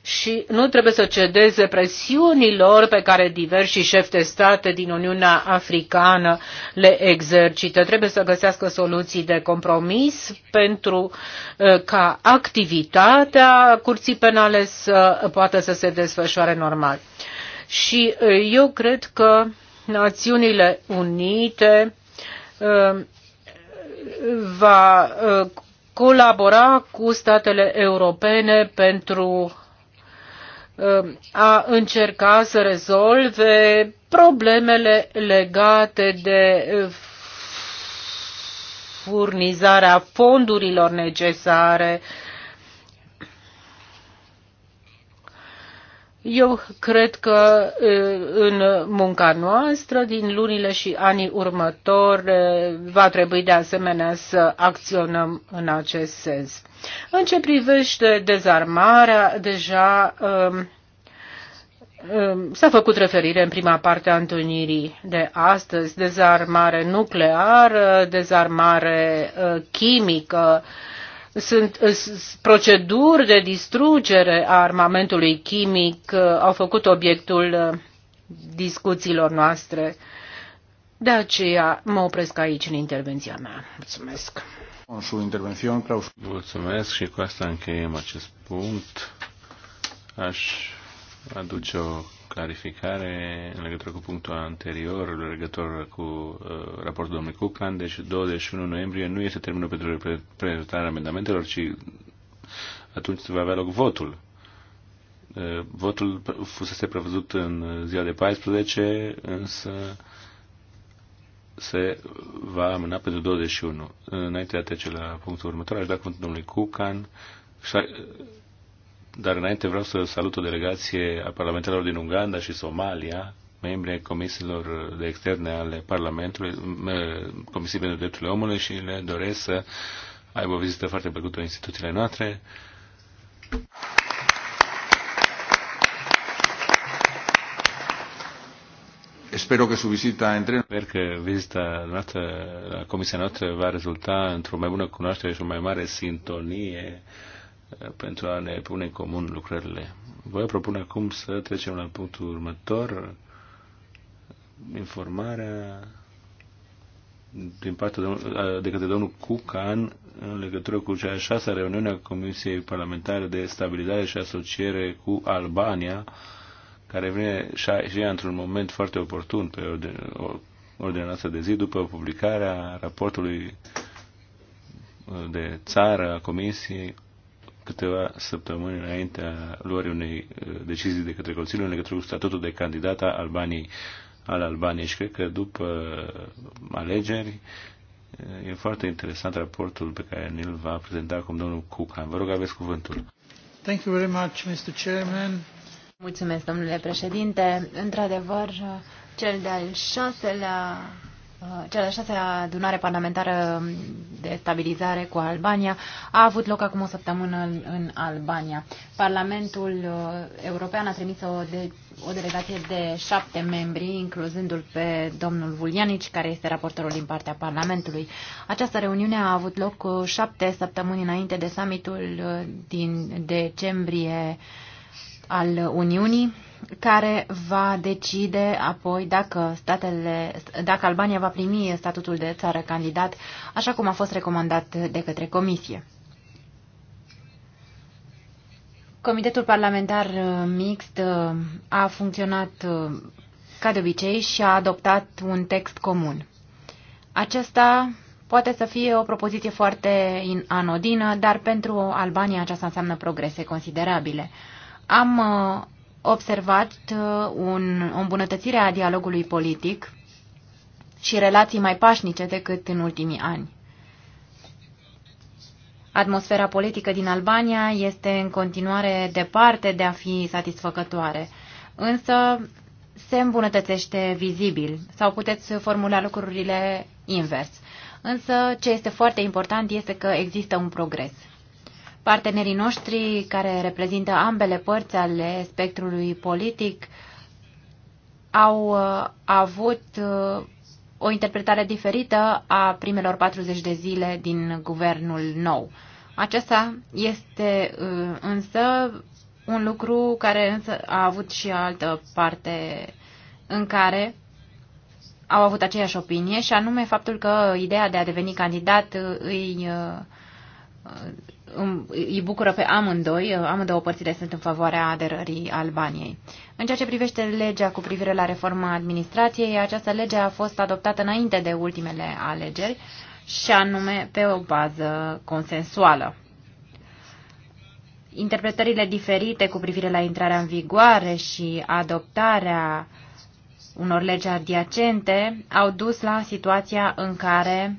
și nu trebuie să cedeze presiunilor pe care diversi șefi de state din Uniunea Africană le exercită. Trebuie să găsească soluții de compromis pentru uh, ca activitatea Curții Penale să poată să se desfășoare normal. Și uh, eu cred că Națiunile Unite uh, va colabora cu statele europene pentru Um, a încerca să rezolve problemele legate de uh, furnizarea fondurilor necesare uh, Eu cred că în munca noastră din lunile și anii următori va trebui de asemenea să acționăm în acest sens. În ce privește dezarmarea, deja S-a făcut referire în prima parte a întâlnirii de astăzi, dezarmare nucleară, dezarmare chimică, sunt proceduri de distrugere a armamentului chimic uh, au făcut obiectul uh, discuțiilor noastre. De aceea mă opresc aici în intervenția mea. Mulțumesc. Mulțumesc și cu asta încheiem acest punct. Aș aduce o clarificare în legătură cu punctul anterior, legătură cu uh, raportul domnului Cuclan. deci 21 noiembrie nu este terminul pentru prezentarea amendamentelor, ci atunci va avea loc votul. Uh, votul fusese prevăzut în ziua de 14, însă se va amâna pentru 21. Înainte de a trece la punctul următor, aș da cuvântul domnului Cucan dar înainte vreau să salut o delegație a parlamentarilor din Uganda și Somalia, membri ai comisiilor de externe ale Parlamentului, Comisiei pentru Drepturile Omului și le doresc să aibă o vizită foarte plăcută în instituțiile noastre. Sper că vizita între Sper că vizita noastră la comisia noastră va rezulta într-o mai bună cunoaștere și o mai mare sintonie pentru a ne pune în comun lucrările. Voi propun acum să trecem la punctul următor, informarea din partea de, de către domnul Cucan în legătură cu cea șasea reuniune a Comisiei Parlamentare de Stabilizare și Asociere cu Albania, care vine și ea într-un moment foarte oportun pe ordinea noastră de zi, după publicarea raportului de țară a Comisiei câteva săptămâni înaintea luării unei uh, decizii de către Consiliu în legătură cu statutul de candidat al Albaniei al Albaniei și cred că după alegeri uh, e foarte interesant raportul pe care ne-l va prezenta acum domnul Cucan. Vă rog, aveți cuvântul. Thank you very much, Mr. Chairman. Mulțumesc, domnule președinte. Într-adevăr, cel de-al șaselea Uh, cea de-a șasea adunare parlamentară de stabilizare cu Albania a avut loc acum o săptămână în Albania. Parlamentul uh, European a trimis o, de, o delegație de șapte membri, incluzându-l pe domnul Vulianici, care este raportorul din partea Parlamentului. Această reuniune a avut loc uh, șapte săptămâni înainte de summitul din decembrie al Uniunii, care va decide apoi dacă, statele, dacă Albania va primi statutul de țară candidat, așa cum a fost recomandat de către Comisie. Comitetul parlamentar mixt a funcționat ca de obicei și a adoptat un text comun. Acesta poate să fie o propoziție foarte anodină, dar pentru Albania aceasta înseamnă progrese considerabile. Am uh, observat uh, un, o îmbunătățire a dialogului politic și relații mai pașnice decât în ultimii ani. Atmosfera politică din Albania este în continuare departe de a fi satisfăcătoare, însă se îmbunătățește vizibil sau puteți formula lucrurile invers. Însă ce este foarte important este că există un progres. Partenerii noștri care reprezintă ambele părți ale spectrului politic au uh, avut uh, o interpretare diferită a primelor 40 de zile din guvernul nou. Aceasta este uh, însă un lucru care însă a avut și altă parte în care au avut aceeași opinie și anume faptul că ideea de a deveni candidat îi îi bucură pe amândoi, amândouă părțile sunt în favoarea aderării Albaniei. În ceea ce privește legea cu privire la reforma administrației, această lege a fost adoptată înainte de ultimele alegeri și anume pe o bază consensuală. Interpretările diferite cu privire la intrarea în vigoare și adoptarea unor legi adiacente au dus la situația în care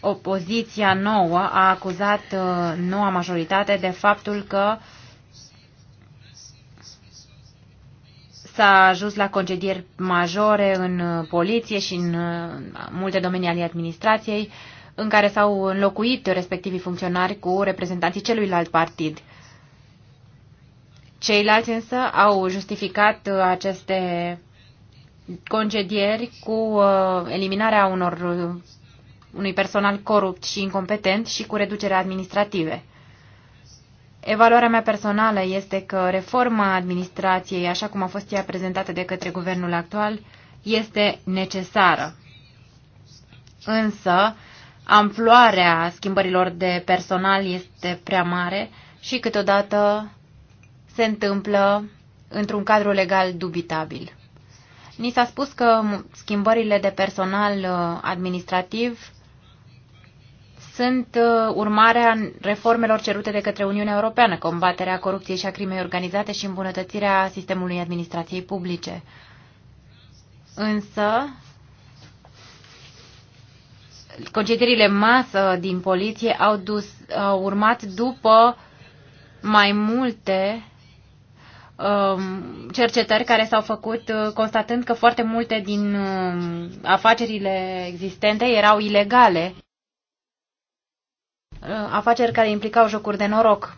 opoziția nouă a acuzat uh, noua majoritate de faptul că s-a ajuns la concedieri majore în uh, poliție și în uh, multe domenii ale administrației, în care s-au înlocuit respectivii funcționari cu reprezentanții celuilalt partid. Ceilalți însă au justificat aceste concedieri cu eliminarea unor unui personal corupt și incompetent și cu reducere administrative. Evaluarea mea personală este că reforma administrației, așa cum a fost ea prezentată de către guvernul actual, este necesară. Însă, amploarea schimbărilor de personal este prea mare și câteodată se întâmplă într-un cadru legal dubitabil. Ni s-a spus că schimbările de personal uh, administrativ sunt uh, urmarea reformelor cerute de către Uniunea Europeană, combaterea corupției și a crimei organizate și îmbunătățirea sistemului administrației publice. Însă, concedierile masă din poliție au, dus, au urmat după mai multe um, cercetări care s-au făcut uh, constatând că foarte multe din um, afacerile existente erau ilegale. Uh, afaceri care implicau jocuri de noroc.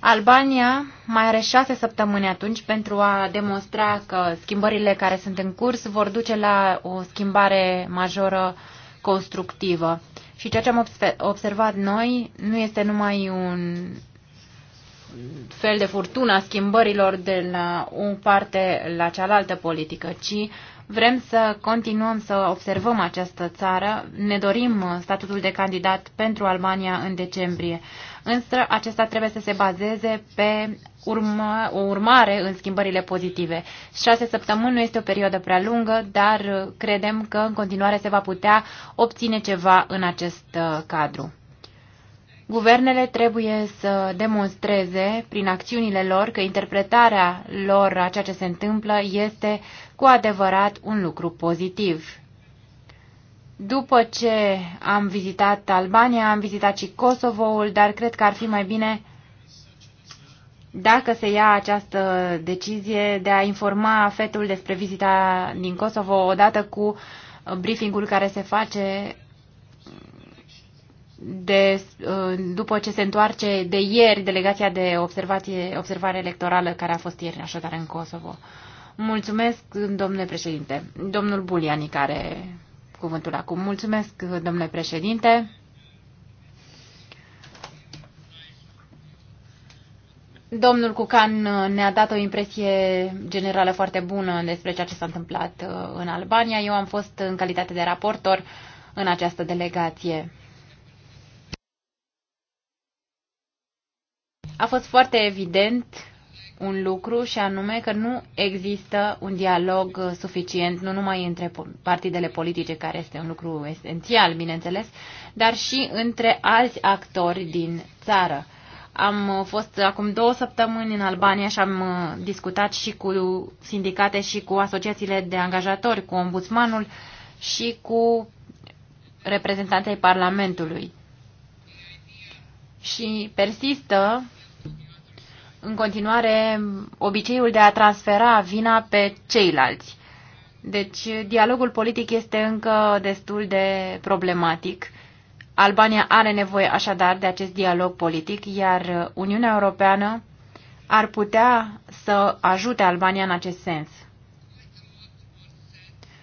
Albania mai are șase săptămâni atunci pentru a demonstra că schimbările care sunt în curs vor duce la o schimbare majoră constructivă. Și ceea ce am observat noi nu este numai un fel de furtuna schimbărilor de la o parte la cealaltă politică, ci Vrem să continuăm să observăm această țară. Ne dorim statutul de candidat pentru Albania în decembrie. Însă acesta trebuie să se bazeze pe urma, o urmare în schimbările pozitive. Șase săptămâni nu este o perioadă prea lungă, dar credem că în continuare se va putea obține ceva în acest uh, cadru. Guvernele trebuie să demonstreze prin acțiunile lor că interpretarea lor a ceea ce se întâmplă este cu adevărat un lucru pozitiv. După ce am vizitat Albania, am vizitat și Kosovoul, dar cred că ar fi mai bine dacă se ia această decizie de a informa fetul despre vizita din Kosovo odată cu briefingul care se face de, după ce se întoarce de ieri delegația de observație, observare electorală care a fost ieri așadar în Kosovo. Mulțumesc, domnule președinte. Domnul Buliani care cuvântul acum. Mulțumesc, domnule președinte. Domnul Cucan ne-a dat o impresie generală foarte bună despre ceea ce s-a întâmplat uh, în Albania. Eu am fost în calitate de raportor în această delegație. A fost foarte evident un lucru și anume că nu există un dialog suficient, nu numai între partidele politice, care este un lucru esențial, bineînțeles, dar și între alți actori din țară. Am fost acum două săptămâni în Albania și am uh, discutat și cu sindicate și cu asociațiile de angajatori, cu ombudsmanul și cu reprezentanții Parlamentului. Și persistă în continuare obiceiul de a transfera vina pe ceilalți. Deci dialogul politic este încă destul de problematic. Albania are nevoie așadar de acest dialog politic, iar Uniunea Europeană ar putea să ajute Albania în acest sens.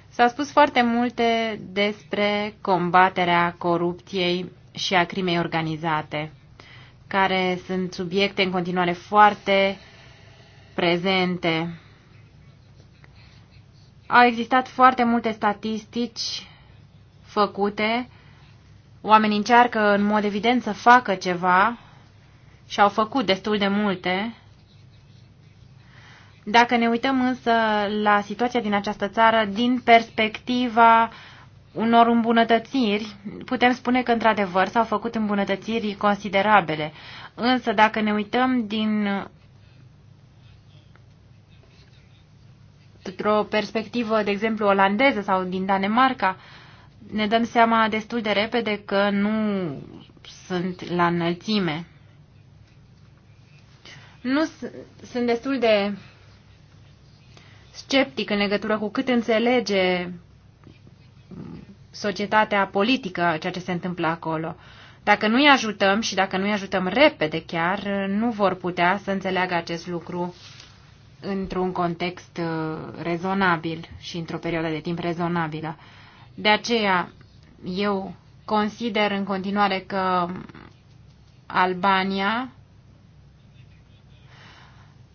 S-a spus foarte multe despre combaterea corupției și a crimei organizate care sunt subiecte în continuare foarte prezente. Au existat foarte multe statistici făcute. Oamenii încearcă în mod evident să facă ceva și au făcut destul de multe. Dacă ne uităm însă la situația din această țară din perspectiva unor îmbunătățiri, putem spune că într-adevăr s-au făcut îmbunătățiri considerabile. Însă dacă ne uităm din o perspectivă, de exemplu, olandeză sau din Danemarca, ne dăm seama destul de repede că nu sunt la înălțime. Nu sunt destul de sceptic în legătură cu cât înțelege societatea politică, ceea ce se întâmplă acolo. Dacă nu-i ajutăm și dacă nu-i ajutăm repede chiar, nu vor putea să înțeleagă acest lucru într-un context uh, rezonabil și într-o perioadă de timp rezonabilă. De aceea, eu consider în continuare că Albania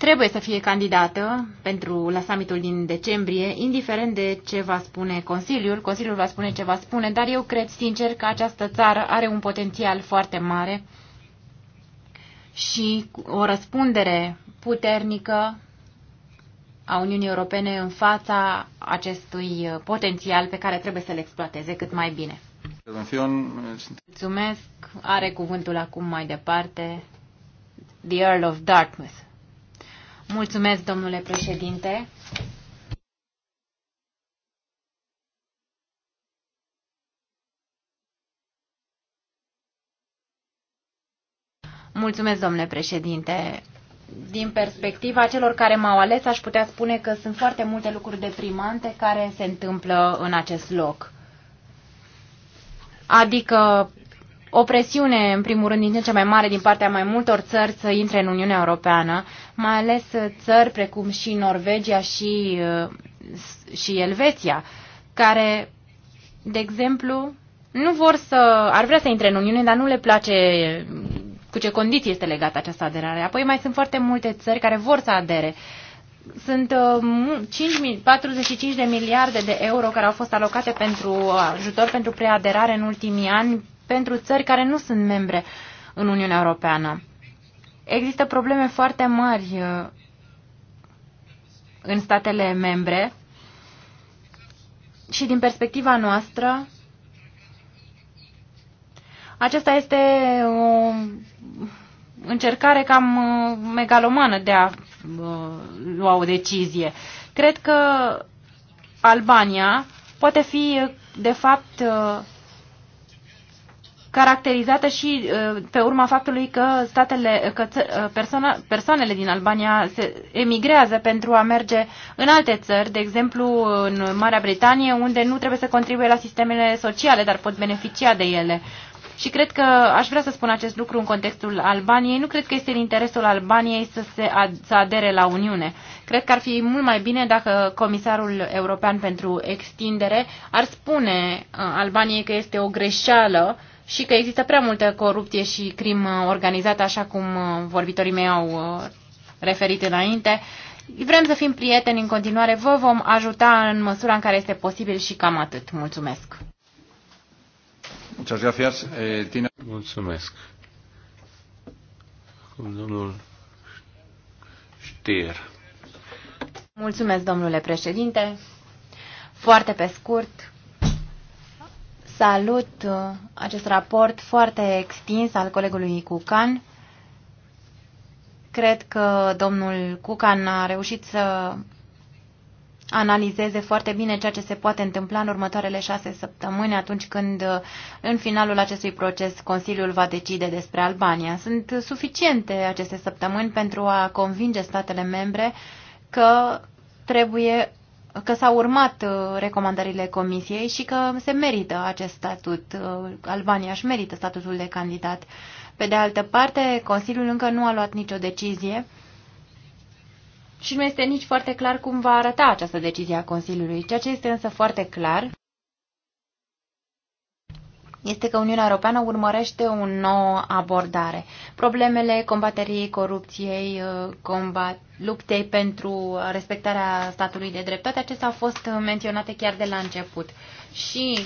trebuie să fie candidată pentru la summitul din decembrie, indiferent de ce va spune Consiliul. Consiliul va spune ce va spune, dar eu cred sincer că această țară are un potențial foarte mare și o răspundere puternică a Uniunii Europene în fața acestui uh, potențial pe care trebuie să-l exploateze cât mai bine. Mulțumesc. Are cuvântul acum mai departe The Earl of Dartmouth. Mulțumesc, domnule președinte. Mulțumesc, domnule președinte. Din perspectiva celor care m-au ales, aș putea spune că sunt foarte multe lucruri deprimante care se întâmplă în acest loc. Adică o presiune, în primul rând, din ce, ce mai mare din partea mai multor țări să intre în Uniunea Europeană, mai ales țări precum și Norvegia și, uh, și Elveția, care, de exemplu, nu vor să, ar vrea să intre în Uniune, dar nu le place cu ce condiții este legată această aderare. Apoi mai sunt foarte multe țări care vor să adere. Sunt 5, uh, 45 de miliarde de euro care au fost alocate pentru ajutor pentru preaderare în ultimii ani pentru țări care nu sunt membre în Uniunea Europeană. Există probleme foarte mari uh, în statele membre și din perspectiva noastră acesta este o încercare cam uh, megalomană de a uh, lua o decizie. Cred că Albania poate fi, de fapt, caracterizată și uh, pe urma faptului că, statele, că uh, persoana, persoanele din Albania se emigrează pentru a merge în alte țări, de exemplu în Marea Britanie, unde nu trebuie să contribuie la sistemele sociale, dar pot beneficia de ele. Și cred că aș vrea să spun acest lucru în contextul Albaniei. Nu cred că este în interesul Albaniei să, se ad, să adere la Uniune. Cred că ar fi mult mai bine dacă Comisarul European pentru Extindere ar spune uh, Albaniei că este o greșeală uh, și că există prea multă corupție și crimă uh, organizată, așa cum uh, vorbitorii mei au uh, referit înainte. Vrem să fim prieteni în continuare, vă vom ajuta în măsura în care este posibil și cam atât. Mulțumesc! Eh, Mulțumesc! Domnul Știer. Mulțumesc, domnule președinte. Foarte pe scurt, Salut uh, acest raport foarte extins al colegului Cucan. Cred că domnul Cucan a reușit să analizeze foarte bine ceea ce se poate întâmpla în următoarele șase săptămâni atunci când, uh, în finalul acestui proces, Consiliul va decide despre Albania. Sunt suficiente aceste săptămâni pentru a convinge statele membre că trebuie că s-au urmat uh, recomandările Comisiei și că se merită acest statut. Uh, Albania își merită statutul de candidat. Pe de altă parte, Consiliul încă nu a luat nicio decizie și nu este nici foarte clar cum va arăta această decizie a Consiliului. Ceea ce este însă foarte clar este că Uniunea Europeană urmărește o nouă abordare. Problemele combaterii corupției, uh, combat, luptei pentru respectarea statului de drept, toate acestea au fost menționate chiar de la început. Și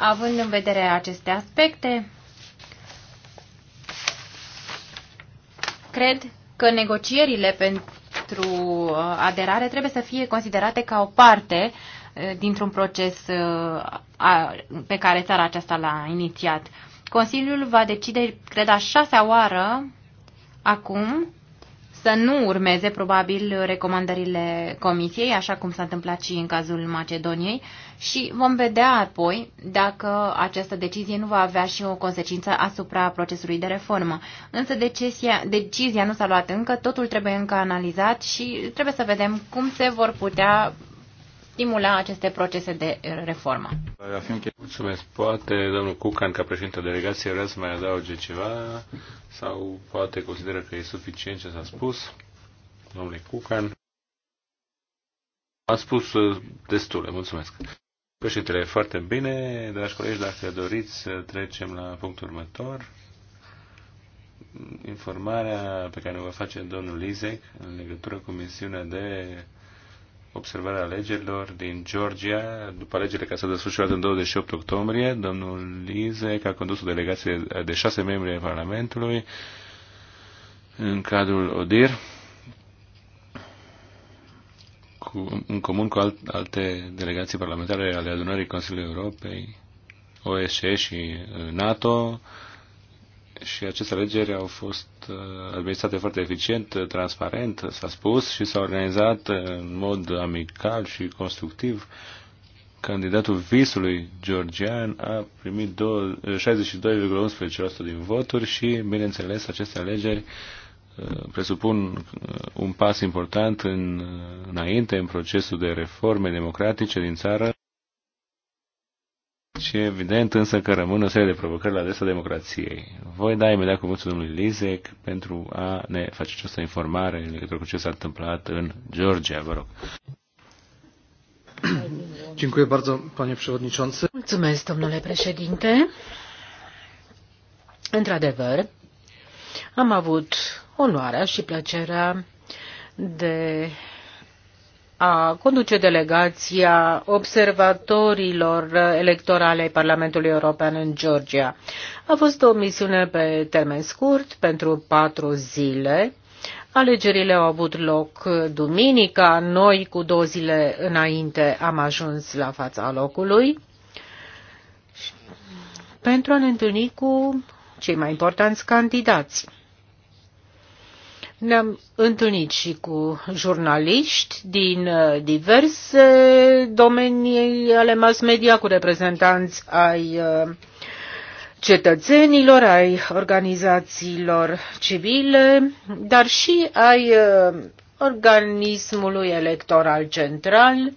având în vedere aceste aspecte, cred că negocierile pentru uh, aderare trebuie să fie considerate ca o parte uh, Eh, dintr-un proces eh, pe care țara aceasta l-a inițiat. Consiliul va decide, cred, a șasea oară acum să nu urmeze probabil recomandările Comisiei, așa cum s-a întâmplat și în cazul Macedoniei, și vom vedea apoi dacă această decizie nu va avea și o consecință asupra procesului de reformă. Însă decizia, decizia nu s-a luat încă, totul trebuie încă analizat și trebuie să vedem cum se vor putea stimula aceste procese de eh, reformă. Mulțumesc. Poate domnul Cucan, ca președinte delegației, vrea să mai adauge ceva sau poate consideră că e suficient ce s-a spus. Domnule Cucan. A spus eh, destule, mulțumesc. Președintele, foarte bine, dragi colegi, dacă doriți, trecem la punctul următor. Informarea pe care o va face domnul Lizec în legătură cu misiunea de observarea alegerilor din Georgia, după alegerile care s-au desfășurat în 28 octombrie, domnul Lize, a condus o delegație de șase membri ai Parlamentului în cadrul ODIR, cu, în comun cu alt, alte delegații parlamentare ale adunării Consiliului Europei, OSCE și uh, NATO, și aceste alegeri au fost uh, administrate foarte eficient, uh, transparent, s-a spus, și s-au organizat uh, în mod amical și constructiv. Candidatul visului georgian a primit 62,11% din voturi și, bineînțeles, aceste alegeri presupun un pas important în, înainte în procesul de reforme democratice din țară și evident însă că rămân o serie de provocări la adresa democrației. Voi da imediat cuvântul domnului Lizec pentru a ne face această informare în legătură cu ce s-a întâmplat în Georgia. Vă rog. Dziękuję bardzo, panie przewodniczący. Mulțumesc, domnule președinte. Într-adevăr, am avut onoarea și plăcerea de a conduce delegația observatorilor electorale ai Parlamentului European în Georgia. A fost o misiune pe termen scurt, pentru patru zile. Alegerile au avut loc duminica, noi cu două zile înainte am ajuns la fața locului pentru a ne întâlni cu cei mai importanți candidați. Ne-am întâlnit și cu jurnaliști din uh, diverse domenii ale mass media, cu reprezentanți ai uh, cetățenilor, ai organizațiilor civile, dar și ai uh, organismului electoral central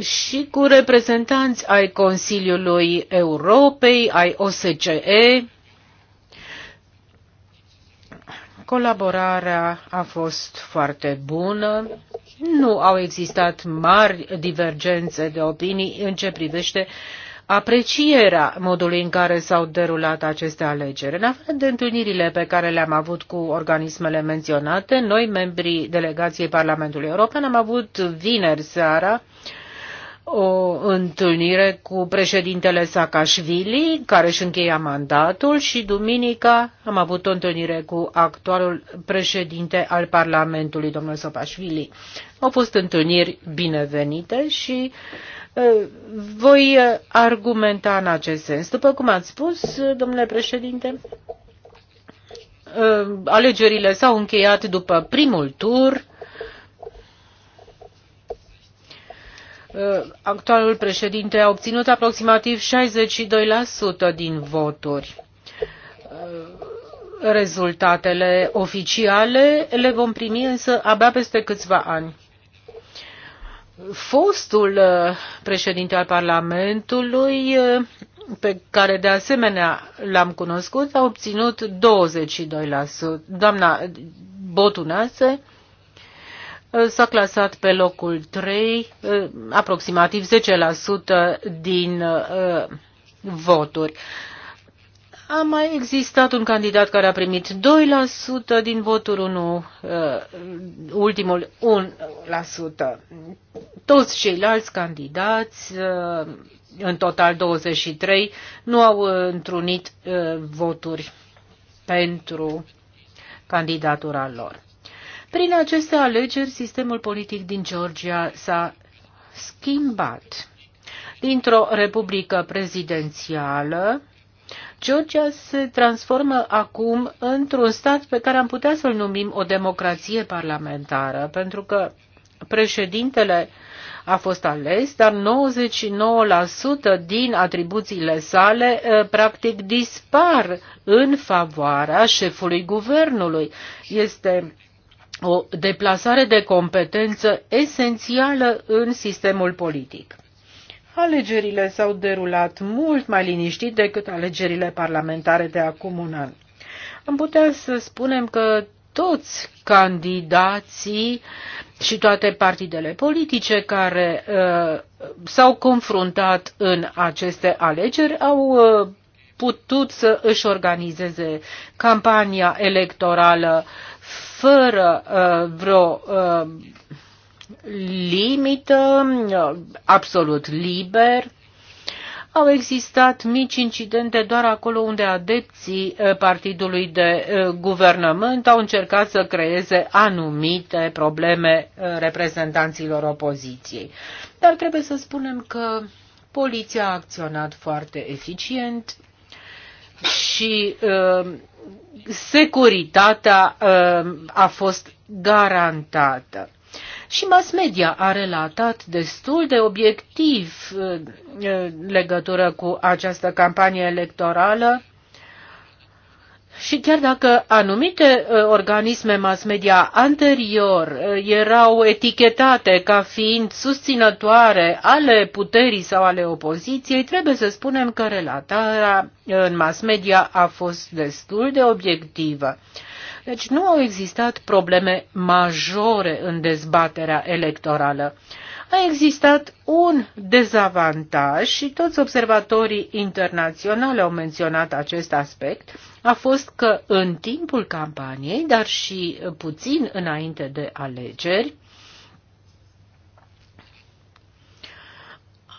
și cu reprezentanți ai Consiliului Europei, ai OSCE, Colaborarea a fost foarte bună. Nu au existat mari divergențe de opinii în ce privește aprecierea modului în care s-au derulat aceste alegeri. În afară de întâlnirile pe care le-am avut cu organismele menționate, noi, membrii delegației Parlamentului European, am avut vineri seara uh, o întâlnire cu președintele Saakashvili, care își încheia mandatul, și duminica am avut o întâlnire cu actualul președinte al Parlamentului, domnul Saakashvili. Au fost întâlniri binevenite și voi argumenta în acest sens. După cum ați spus, domnule președinte, alegerile s-au încheiat după primul tur Uh, actualul președinte a obținut aproximativ 62% din voturi. Uh, rezultatele oficiale le vom primi însă abia peste câțiva ani. Fostul uh, președinte al Parlamentului, pe care de asemenea l-am cunoscut, a obținut 22%. Doamna Botunase s-a clasat pe locul 3, uh, aproximativ 10% din uh, voturi. A mai existat un candidat care a primit 2% din voturi, unul, uh, ultimul 1%. Toți ceilalți candidați, în total 23, nu au întrunit voturi pentru candidatura lor. Prin aceste alegeri, sistemul politic din Georgia s-a schimbat. Dintr-o republică prezidențială, Georgia se transformă acum într-un stat pe care am putea să-l numim o democrație parlamentară, pentru că președintele a fost ales, dar 99% din atribuțiile sale eh, practic dispar în favoarea șefului guvernului. Este o deplasare de competență esențială în sistemul politic. Alegerile s-au derulat mult mai liniștit decât alegerile parlamentare de acum un an. Am putea să spunem că toți candidații și toate partidele politice care uh, s-au confruntat în aceste alegeri au uh, putut să își organizeze campania electorală uh, fără uh, vreo uh, limită, uh, absolut liber. Au existat mici incidente doar acolo unde adepții uh, partidului de uh, guvernământ au încercat să creeze anumite probleme uh, reprezentanților opoziției. Dar trebuie să spunem că poliția a acționat foarte eficient și securitatea uh, a fost garantată. Și mass media a relatat destul de obiectiv uh, uh, legătură cu această campanie electorală și chiar dacă anumite ă, organisme mass media anterior ă, erau etichetate ca fiind susținătoare ale puterii sau ale opoziției, trebuie să spunem că relatarea ă, în mass media a fost destul de obiectivă. Deci nu au existat probleme majore în dezbaterea electorală. A existat un dezavantaj și toți observatorii internaționali au menționat acest aspect, a fost că în timpul campaniei, dar și puțin înainte de alegeri,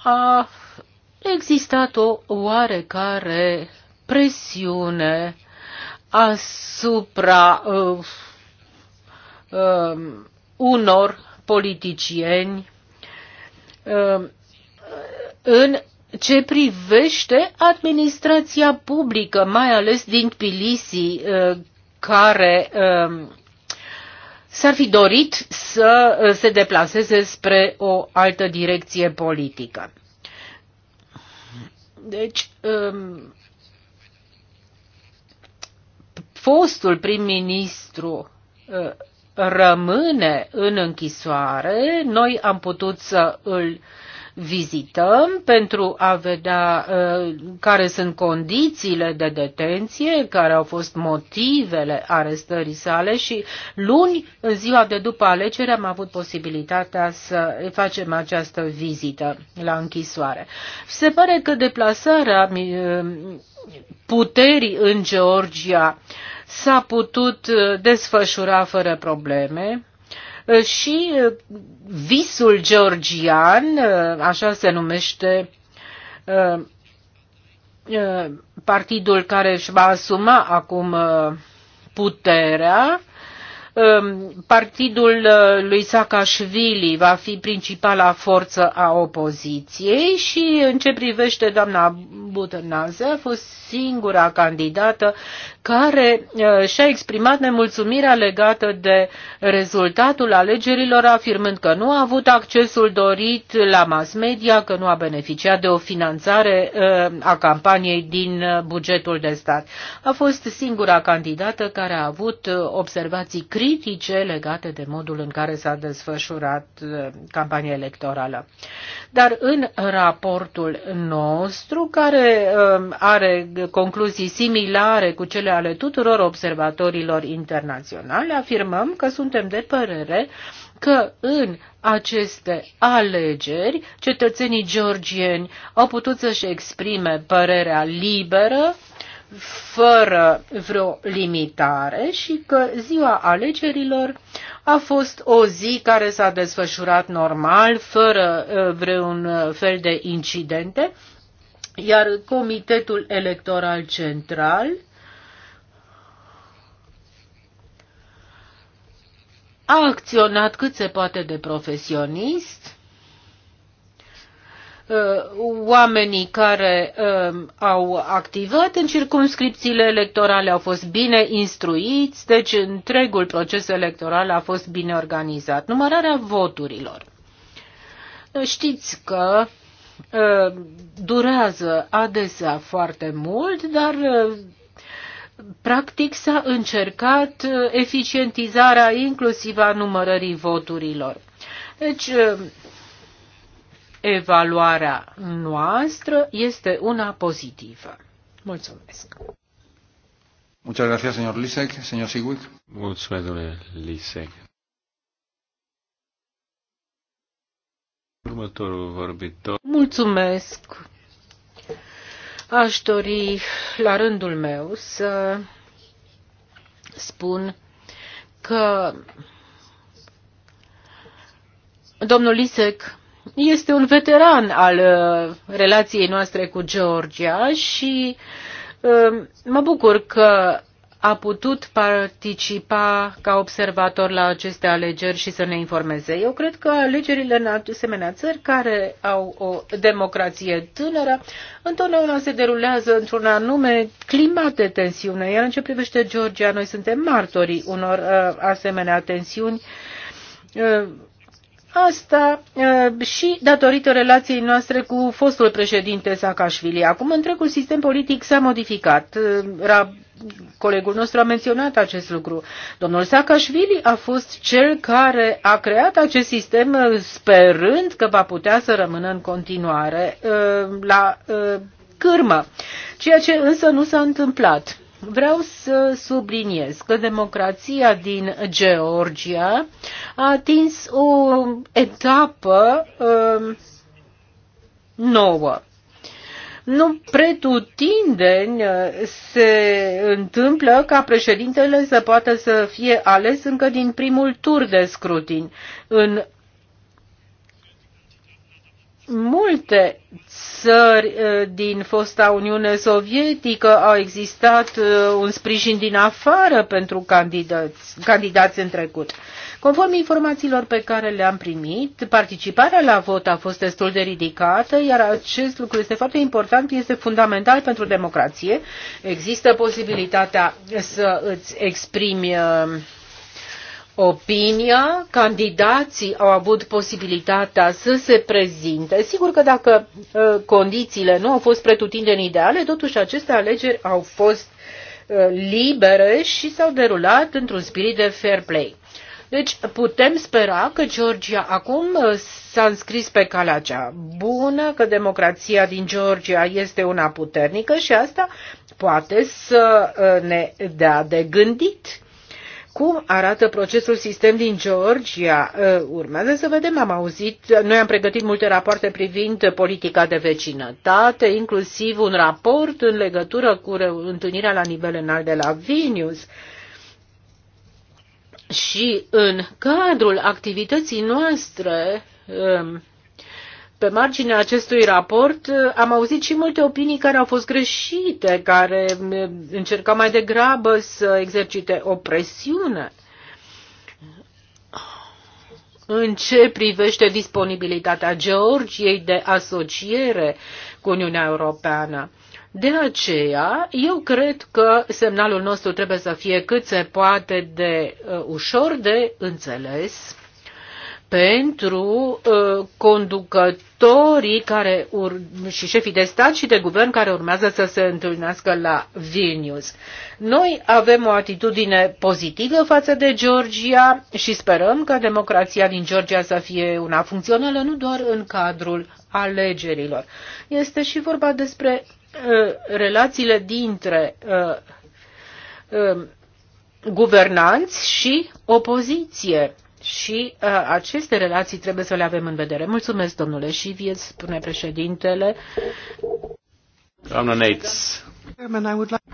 a existat o oarecare presiune asupra uh, uh, unor politicieni uh, în ce privește administrația publică, mai ales din Tbilisi, uh, care um, s-ar fi dorit să uh, se deplaseze spre o altă direcție politică. Deci, um, fostul prim-ministru uh, rămâne în închisoare, noi am putut să îl uh, vizităm pentru a vedea ă, care sunt condițiile de detenție, care au fost motivele arestării sale și luni, în ziua de după alegere, am avut posibilitatea să facem această vizită la închisoare. Se pare că deplasarea ă, puterii în Georgia s-a putut ă, desfășura fără probleme. Uh, și uh, visul georgian, uh, așa se numește partidul care își va asuma acum puterea, Um, partidul uh, lui Saakashvili va fi principala forță a opoziției și în ce privește doamna Butenaze a fost singura candidată care uh, și-a exprimat nemulțumirea legată de rezultatul alegerilor, afirmând că nu a avut accesul dorit la mass media, că nu a beneficiat de o finanțare uh, a campaniei din bugetul de stat. A fost singura candidată care a avut observații critice critice legate de modul în care s-a desfășurat uh, campania electorală. Dar în raportul nostru, care uh, are concluzii similare cu cele ale tuturor observatorilor internaționale, afirmăm că suntem de părere că în aceste alegeri cetățenii georgieni au putut să-și exprime părerea liberă fără vreo limitare și că ziua alegerilor a fost o zi care s-a desfășurat normal, fără uh, vreun uh, fel de incidente, iar Comitetul Electoral Central a acționat cât se poate de profesionist Uh, oamenii care um, au activat în circumscripțiile electorale au fost bine instruiți, deci întregul proces electoral a fost bine organizat. Numărarea voturilor. Uh, știți că uh, durează adesea foarte mult, dar practic s-a încercat eficientizarea inclusiv a numărării voturilor. Deci evaluarea noastră este una pozitivă. Mulțumesc! Muchas gracias, señor Lisek. Señor Sigwick. Mulțumesc, domnule Lisek. Următorul vorbitor. Mulțumesc. Aș dori, la rândul meu, să spun că domnul Lisek este un veteran al uh, relației noastre cu Georgia și um, mă bucur că a putut participa ca observator la aceste alegeri și să ne informeze. Eu cred că alegerile în asemenea țări care au o democrație tânără întotdeauna se derulează într-un anume climat de tensiune, iar în ce privește Georgia, noi suntem martorii unor uh, asemenea tensiuni. Uh, Asta și datorită relației noastre cu fostul președinte Sakașvili. Acum întregul sistem politic s-a modificat. Colegul nostru a menționat acest lucru. Domnul Sakașvili a fost cel care a creat acest sistem sperând că va putea să rămână în continuare la cârmă, ceea ce însă nu s-a întâmplat. Vreau să subliniez că democrația din Georgia a atins o etapă uh, nouă. Nu pretutindeni uh, se întâmplă ca președintele să poată să fie ales încă din primul tur de scrutin. În multe țări uh, din fosta Uniune Sovietică au existat uh, un sprijin din afară pentru candidați, candidați în trecut. Conform informațiilor pe care le-am primit, participarea la vot a fost destul de ridicată, iar acest lucru este foarte important, este fundamental pentru democrație. Există posibilitatea să îți exprimi uh, opinia, candidații au avut posibilitatea să se prezinte. Sigur că dacă uh, condițiile nu au fost pretutindeni ideale, totuși aceste alegeri au fost uh, libere și s-au derulat într-un spirit de fair play. Deci putem spera că Georgia acum uh, s-a înscris pe calea cea bună, că democrația din Georgia este una puternică și asta poate să uh, ne dea de gândit cum arată procesul sistem din Georgia. Uh, urmează să vedem, am auzit, noi am pregătit multe rapoarte privind politica de vecinătate, inclusiv un raport în legătură cu întâlnirea la nivel înalt de la Vilnius. Și în cadrul activității noastre um, pe marginea acestui raport eh, am auzit și multe opinii care au fost greșite, care eh, încercau mai degrabă să exercite o presiune în ce privește disponibilitatea Georgiei de asociere cu Uniunea Europeană. De aceea, eu cred că semnalul nostru trebuie să fie cât se poate de uh, ușor de înțeles pentru uh, conducătorii care ur- și șefii de stat și de guvern care urmează să se întâlnească la Vilnius. Noi avem o atitudine pozitivă față de Georgia și sperăm că democrația din Georgia să fie una funcțională nu doar în cadrul alegerilor. Este și vorba despre uh, relațiile dintre uh, um, guvernanți și opoziție și uh, aceste relații trebuie să le avem în vedere. Mulțumesc, domnule Șivieț, spune președintele. Doamna Neitz.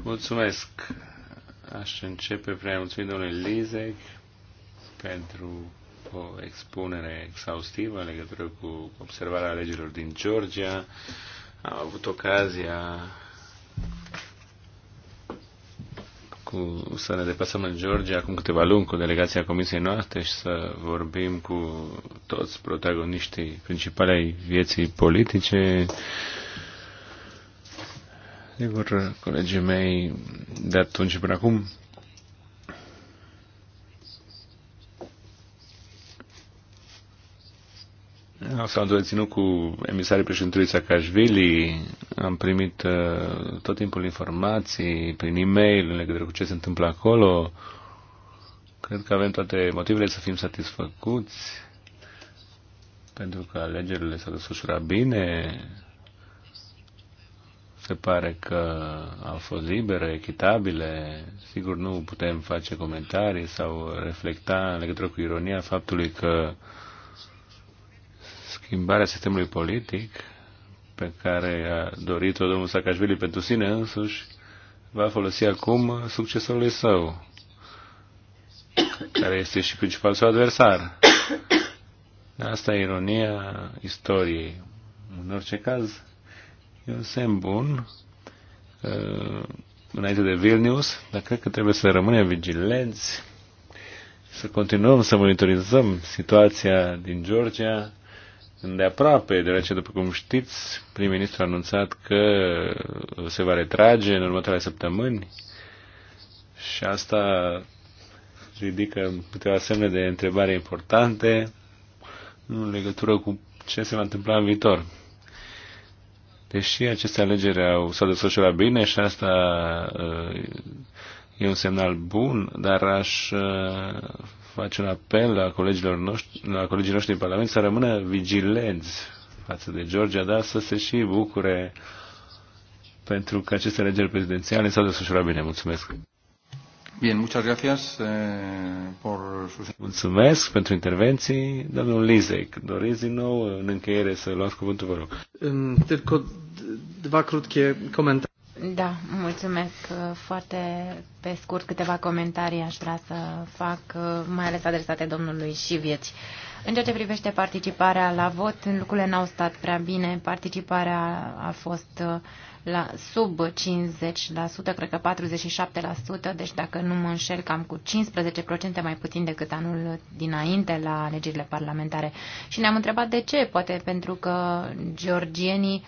Mulțumesc. Aș începe prin a domnului Lizec pentru o expunere exhaustivă în legătură cu observarea alegerilor din Georgia. Am avut ocazia cu, să ne deplasăm în Georgia acum câteva luni cu delegația comisiei noastre și să vorbim cu toți protagoniștii principale ai vieții politice. Sigur, colegii mei de atunci până acum S-au întreținut cu emisarii președintelui Saakashvili, am primit uh, tot timpul informații prin e-mail în legătură cu ce se întâmplă acolo. Cred că avem toate motivele să fim satisfăcuți, pentru că alegerile s-au desfășurat bine, se pare că au fost libere, echitabile. Sigur, nu putem face comentarii sau reflecta în legătură cu ironia faptului că schimbarea sistemului politic pe care a dorit-o domnul Sakașvili pentru sine însuși, va folosi acum succesorului său, care este și principal său adversar. Asta e ironia istoriei. În orice caz, e un semn bun uh, înainte de Vilnius, dar cred că trebuie să rămânem vigilenți, să continuăm să monitorizăm situația din Georgia, îndeaproape, deoarece, după cum știți, prim-ministru a anunțat că se va retrage în următoarele săptămâni și asta ridică câteva semne de întrebare importante în legătură cu ce se va întâmpla în viitor. Deși aceste alegeri au, s-au desfășurat bine și asta uh, e un semnal bun, dar aș uh, face un apel la, colegilor noștri, la colegii noștri din Parlament să rămână vigilenți față de Georgia, dar să se și bucure pentru că aceste alegeri prezidențiale s-au desfășurat bine. Mulțumesc! Bien, muchas gracias eh, por sus... Mulțumesc pentru intervenții. Domnul Lizek, doriți din nou în încheiere să luați cuvântul, vă rog. Tylko câteva comentarii. Da, mulțumesc uh, foarte pe scurt. Câteva comentarii aș vrea să fac, uh, mai ales adresate domnului Șivieți. În ceea ce privește participarea la vot, lucrurile n-au stat prea bine. Participarea a fost uh, la sub 50%, cred că 47%, deci dacă nu mă înșel, cam cu 15% mai puțin decât anul dinainte la alegerile parlamentare. Și ne-am întrebat de ce, poate pentru că georgienii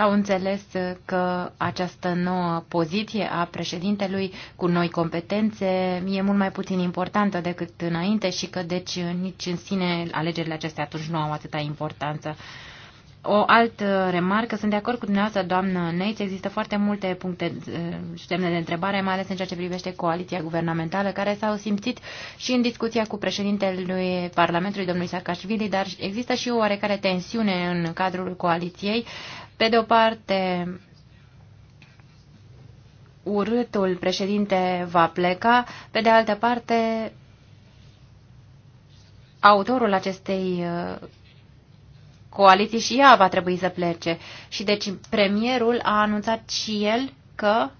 au înțeles că această nouă poziție a președintelui cu noi competențe e mult mai puțin importantă decât înainte și că deci nici în sine alegerile acestea atunci nu au atâta importanță. O altă remarcă, sunt de acord cu dumneavoastră, doamnă Neitz, există foarte multe puncte eh, și semne de întrebare, mai ales în ceea ce privește coaliția guvernamentală, care s-au simțit și în discuția cu președintele Parlamentului, domnului Saakashvili, dar există și o oarecare tensiune în cadrul coaliției pe de o parte, urâtul președinte va pleca, pe de altă parte, autorul acestei uh, coaliții și ea va trebui să plece. Și deci premierul a anunțat și el că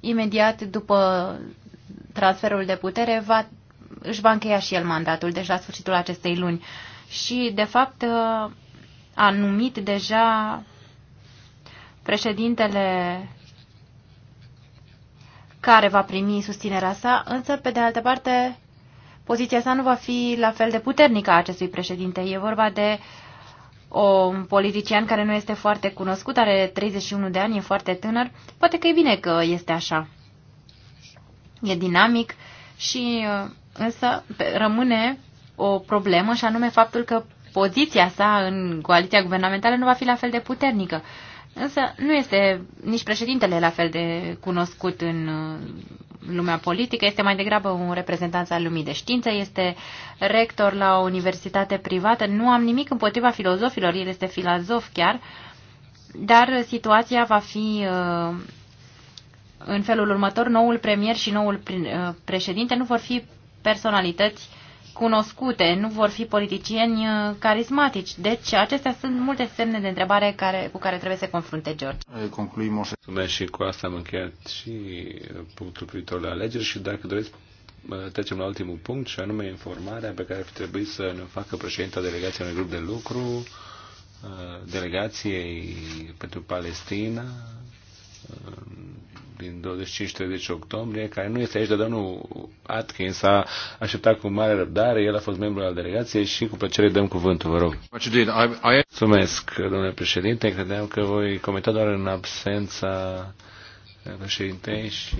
imediat după transferul de putere va, își va încheia și el mandatul, deci la sfârșitul acestei luni. Și, de fapt, uh, a numit deja președintele care va primi susținerea sa, însă, pe de altă parte, poziția sa nu va fi la fel de puternică a acestui președinte. E vorba de o politician care nu este foarte cunoscut, are 31 de ani, e foarte tânăr. Poate că e bine că este așa. E dinamic și însă rămâne o problemă și anume faptul că poziția sa în coaliția guvernamentală nu va fi la fel de puternică. Însă nu este nici președintele la fel de cunoscut în uh, lumea politică, este mai degrabă un reprezentant al lumii de știință, este rector la o universitate privată. Nu am nimic împotriva filozofilor, el este filozof chiar, dar situația va fi uh, în felul următor, noul premier și noul uh, președinte nu vor fi personalități cunoscute, nu vor fi politicieni uh, carismatici. Deci acestea sunt multe semne de întrebare care, cu care trebuie să se confrunte George. Eh, Concluim o Mulțumesc și cu asta am încheiat și uh, punctul privitor la alegeri și dacă doriți uh, trecem la ultimul punct și anume informarea pe care ar fi trebuit să ne facă președinta delegației unui grup de lucru, delegației pentru Palestina, din 25-30 octombrie, care nu este aici, dar domnul Atkins a așteptat cu mare răbdare, el a fost membru al delegației și cu plăcere dăm cuvântul, vă rog. Mulțumesc, domnule președinte, credeam că voi comenta doar în absența președintei și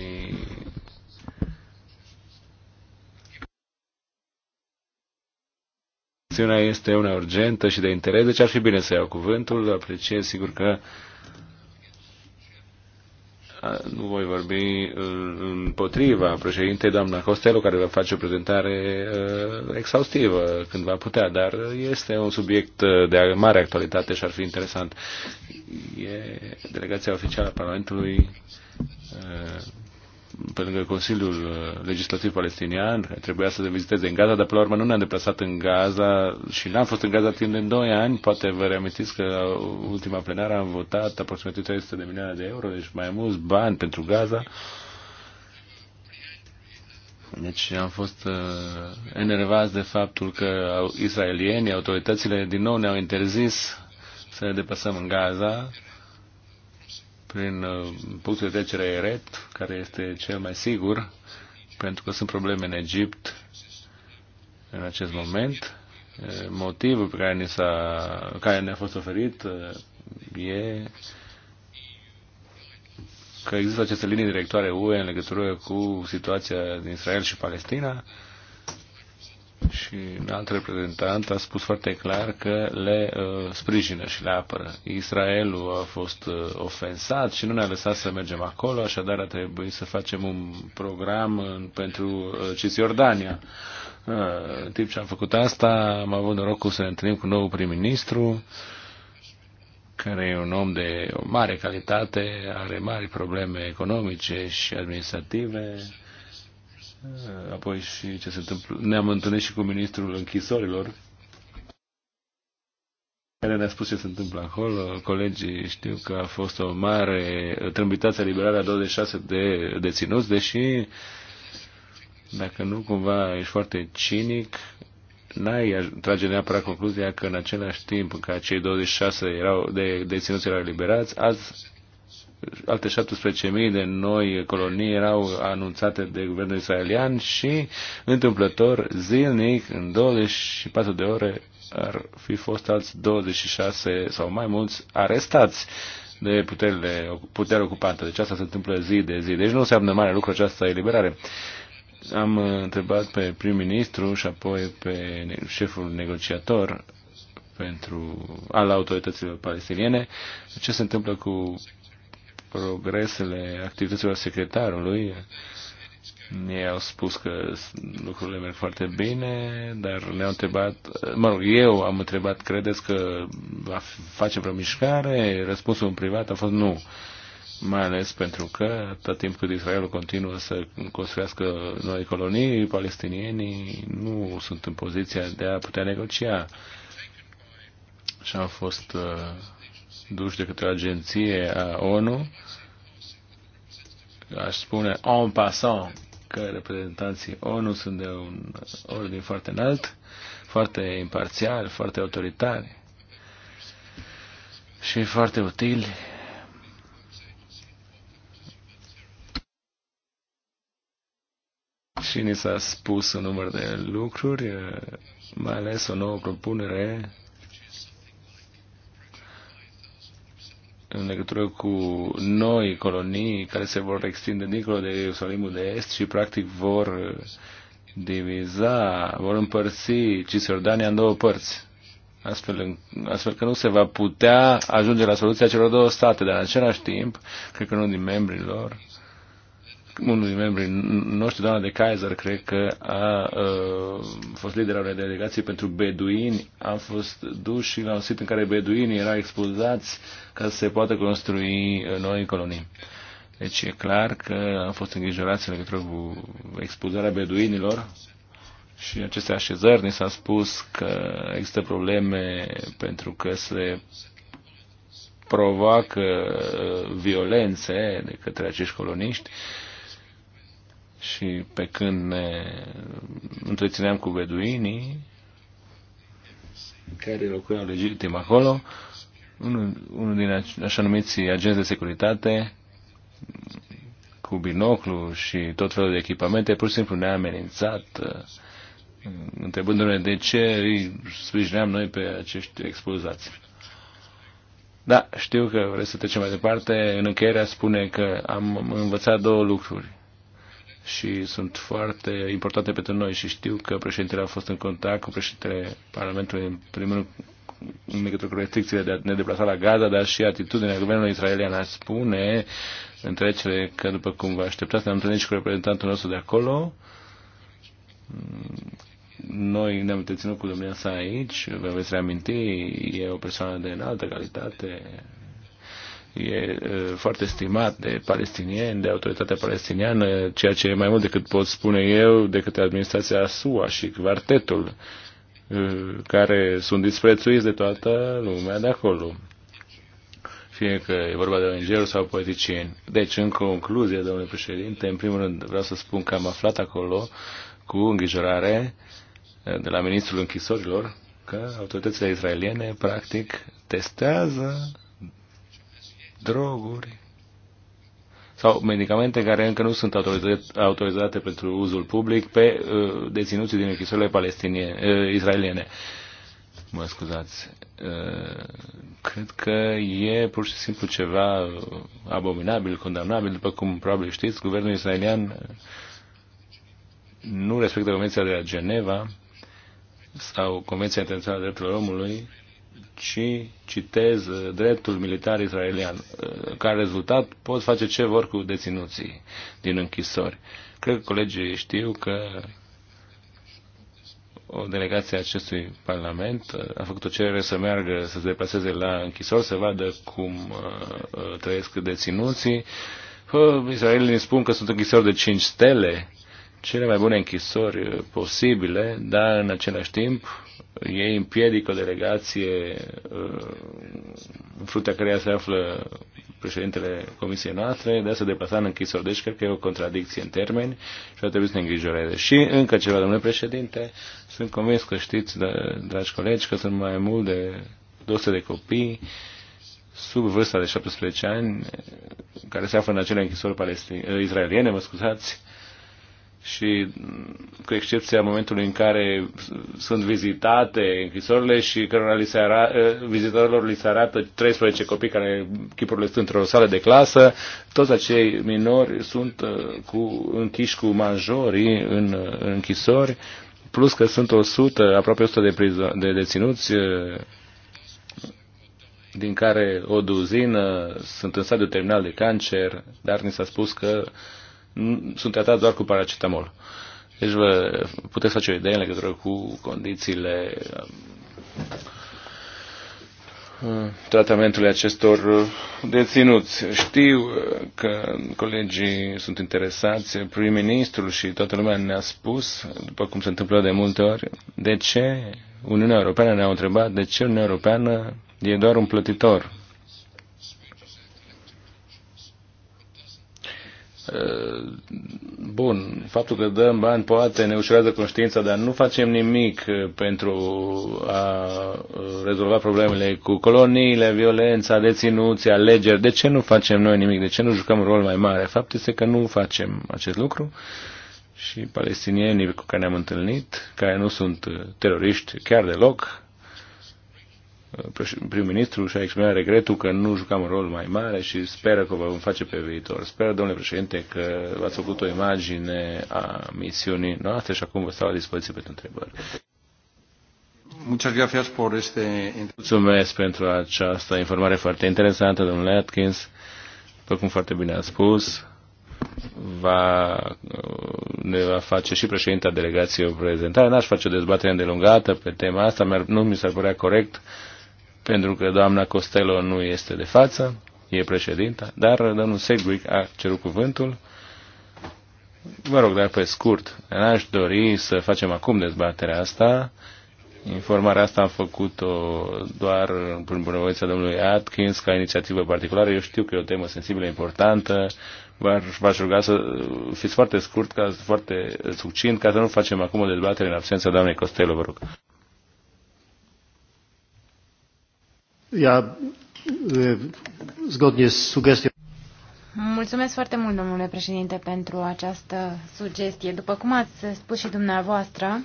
chestiunea este una urgentă și de interes, deci ar fi bine să iau cuvântul. Apreciez sigur că nu voi vorbi uh, împotriva președinte, doamna Costello, care va face o prezentare uh, exhaustivă când va putea, dar este un subiect uh, de mare actualitate și ar fi interesant. E delegația oficială a Parlamentului pe lângă Consiliul uh, Legislativ Palestinian, care trebuia să se viziteze în Gaza, dar pe la urmă nu ne-am deplasat în Gaza și n-am fost în Gaza timp de 2 ani. Poate vă reamintiți că la ultima plenară am votat aproximativ 300 de milioane de euro, deci mai mulți bani pentru Gaza. Deci am fost uh, enervați de faptul că israelienii, autoritățile din nou ne-au interzis să ne deplasăm în Gaza prin uh, punctul de trecere Eret, care este cel mai sigur, pentru că sunt probleme în Egipt în acest moment. Uh, motivul pe care, ni s-a, care ne-a fost oferit uh, e că există aceste linii directoare UE în legătură cu situația din Israel și Palestina și un alt reprezentant a spus foarte clar că le uh, sprijină și le apără. Israelul a fost uh, ofensat și nu ne-a lăsat să mergem acolo, așadar a trebuit să facem un program în, pentru uh, Cisjordania. Uh, în timp ce am făcut asta, am avut norocul să ne întâlnim cu nou prim-ministru, care e un om de o mare calitate, are mari probleme economice și administrative Eh, apoi și ce se întâmplă. Ne-am întâlnit și cu ministrul închisorilor, care ne-a spus ce se întâmplă acolo. Colegii știu că a fost o mare trâmbitație liberare a 26 de deținuți, deși, dacă nu cumva ești foarte cinic, n-ai trage neapărat concluzia că în același timp ca cei 26 erau de deținuți erau liberați, azi alte 17.000 de noi colonii erau anunțate de guvernul israelian și, întâmplător, zilnic, în 24 de ore, ar fi fost alți 26 sau mai mulți arestați de puterile, puterea ocupantă. Deci asta se întâmplă zi de zi. Deci nu înseamnă mare lucru această eliberare. Am întrebat pe prim-ministru și apoi pe șeful negociator pentru al autorităților palestiniene ce se întâmplă cu progresele activităților secretarului. Ei au spus că lucrurile merg foarte bine, dar ne-au întrebat, mă rog, eu am întrebat, credeți că va face vreo mișcare? Răspunsul în privat a fost nu mai ales pentru că tot timp cât Israelul continuă să construiască noi colonii, palestinienii nu sunt în poziția de a putea negocia. Și au fost uh, duși de către agenție a uh, ONU. Aș spune en passant că reprezentanții ONU sunt de un ordin foarte înalt, foarte imparțial, foarte autoritari și foarte utili și ni s-a spus un număr de lucruri, uh, mai ales o nouă propunere în legătură cu noi colonii care se vor extinde dincolo de Ierusalimul de Est și practic vor diviza, vor împărți Cisjordania în două părți. Astfel, astfel că nu se va putea ajunge la soluția celor două state, dar în același timp, cred că unul din membrii lor unul din membrii noștri, doamna de Kaiser, cred că a, a fost lidera unei delegații pentru beduini. Am fost duși la un sit în care beduinii erau expulzați ca să se poată construi uh, noi colonii. Deci e clar că am fost îngrijorați în legătură cu expulzarea beduinilor și aceste așezări ni s-a spus că există probleme pentru că se provoacă uh, violențe de către acești coloniști și pe când ne întrețineam cu beduinii, care locuiau legitim acolo, unul, unul din așa numiți agenți de securitate cu binoclu și tot felul de echipamente, pur și simplu ne-a amenințat, uh, întrebându-ne de ce îi sprijineam noi pe acești expulzați. Da, știu că vreți să trecem mai departe. În încheierea spune că am învățat două lucruri și sunt foarte importante pentru noi și știu că președintele a fost în contact cu președintele Parlamentului în primul rând în legătură cu restricțiile de a ne deplasa la Gaza, dar și atitudinea guvernului israelian a spune în trecere că, după cum vă așteptați, ne-am întâlnit și cu reprezentantul nostru de acolo. Noi ne-am întreținut cu domnia sa aici, vă veți reaminti, e o persoană de înaltă calitate, e foarte stimat de palestinieni, de autoritatea palestiniană, ceea ce e mai mult decât pot spune eu, decât administrația SUA și quartetul, care sunt disprețuiți de toată lumea de acolo. Fie că e vorba de ong sau politicieni. Deci, în concluzie, domnule președinte, în primul rând vreau să spun că am aflat acolo cu îngrijorare de la ministrul închisorilor că autoritățile israeliene practic testează droguri sau medicamente care încă nu sunt autorizate pentru uzul public pe uh, deținuții din închisorile uh, israeliene. Mă scuzați. Uh, cred că e pur și simplu ceva abominabil, condamnabil. După cum probabil știți, guvernul israelian uh, nu respectă Convenția de la Geneva sau Convenția Internațională a Drepturilor Omului ci citez uh, dreptul militar israelian. Uh, ca rezultat pot face ce vor cu deținuții din închisori. Cred că colegii știu că o delegație a acestui parlament uh, a făcut o cerere să meargă, să se deplaseze la închisori, să vadă cum trăiesc deținuții. Israelii spun că sunt închisori de 5 stele, cele mai bune închisori uh, posibile, dar în același timp ei împiedică o delegație uh, în fruntea care se află președintele comisiei noastre de a se deplasa în închisori. Deci cred că e o contradicție în termeni și ar trebui să ne îngrijoreze. Și încă ceva, domnule președinte, sunt convins că știți, da, dragi colegi, că sunt mai mult de 200 de copii sub vârsta de 17 ani uh, care se află în acele închisori palestin- israeliene, mă scuzați, și cu excepția momentului în care sunt vizitate închisorile și cărora li se ara, ă, vizitorilor li se arată 13 copii care chipurile sunt într-o sală de clasă, toți acei minori sunt ă, cu, închiși cu majorii în, în ă, închisori, plus că sunt 100, aproape 100 de, prizo- de deținuți din care o duzină sunt în stadiu terminal de cancer, dar ni s-a spus că uh, sunt tratat doar cu paracetamol. Deci vă puteți face o idee în legătură cu condițiile uh, tratamentului acestor uh, deținuți. Știu uh, că colegii sunt interesați, prim-ministrul și toată lumea ne-a spus, după cum se întâmplă de multe ori, de ce Uniunea Europeană ne-a întrebat de ce Uniunea Europeană e doar un plătitor Uh, bun, faptul că dăm bani poate ne ușurează conștiința, dar nu facem nimic uh, pentru a uh, rezolva problemele cu coloniile, violența, deținuții, alegeri. De ce nu facem noi nimic? De ce nu jucăm un rol mai mare? Faptul este că nu facem acest lucru și palestinienii cu care ne-am întâlnit, care nu sunt teroriști chiar deloc, prim-ministru și-a exprimat regretul că nu jucam un rol mai mare și speră că vă vom face pe viitor. Speră, domnule președinte, că v-ați făcut o imagine a misiunii noastre și acum vă stau la dispoziție pentru întrebări. Mulțumesc pentru această informare foarte interesantă, domnule Atkins. După cum foarte bine a spus, va, ne va face și președinta delegației o prezentare. N-aș face o dezbatere îndelungată pe tema asta, nu mi s-ar părea corect pentru că doamna Costello nu este de față, e președinta, dar domnul Segwick a cerut cuvântul. Vă rog, dar pe scurt, n-aș dori să facem acum dezbaterea asta. Informarea asta am făcut-o doar în bunăvoința domnului Atkins ca inițiativă particulară. Eu știu că e o temă sensibilă, importantă. V-aș ruga să fiți foarte scurt, ca, foarte succint, ca să nu facem acum o dezbatere în absența doamnei Costello, vă rog. zgodnie z sugestią. Mulțumesc foarte mult, domnule președinte, pentru această sugestie. După cum ați spus și dumneavoastră,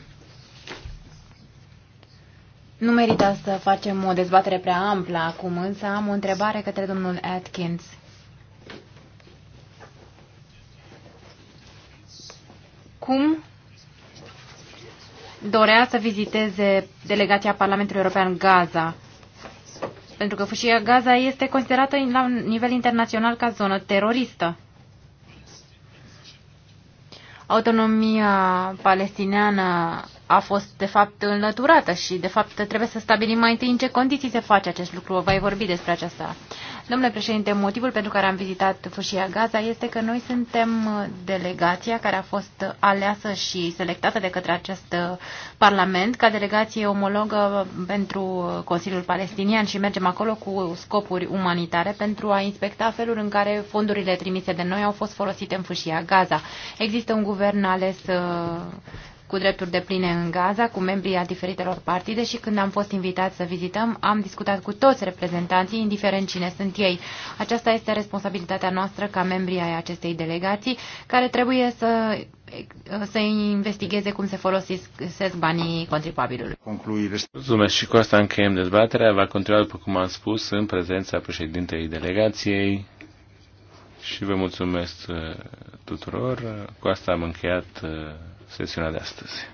nu merită să facem o dezbatere prea amplă acum, însă am o întrebare către domnul Atkins. Cum dorea să viziteze delegația Parlamentului European Gaza? pentru că fâșia Gaza este considerată la nivel internațional ca zonă teroristă. Autonomia palestiniană a fost, de fapt, înlăturată și, de fapt, trebuie să stabilim mai întâi în ce condiții se face acest lucru. Voi vorbi despre aceasta. Domnule președinte, motivul pentru care am vizitat fâșia Gaza este că noi suntem delegația care a fost aleasă și selectată de către acest parlament ca delegație omologă pentru Consiliul Palestinian și mergem acolo cu scopuri umanitare pentru a inspecta felul în care fondurile trimise de noi au fost folosite în fâșia Gaza. Există un guvern ales cu drepturi de pline în Gaza, cu membrii a diferitelor partide și când am fost invitat să vizităm, am discutat cu toți reprezentanții, indiferent cine sunt ei. Aceasta este responsabilitatea noastră ca membrii ai acestei delegații, care trebuie să să investigheze cum se folosesc banii contribuabilului. Mulțumesc și cu asta încheiem dezbaterea. Va continua, după cum am spus, în prezența președintei delegației și vă mulțumesc uh, tuturor. Cu asta am încheiat uh, sesiunea de astăzi.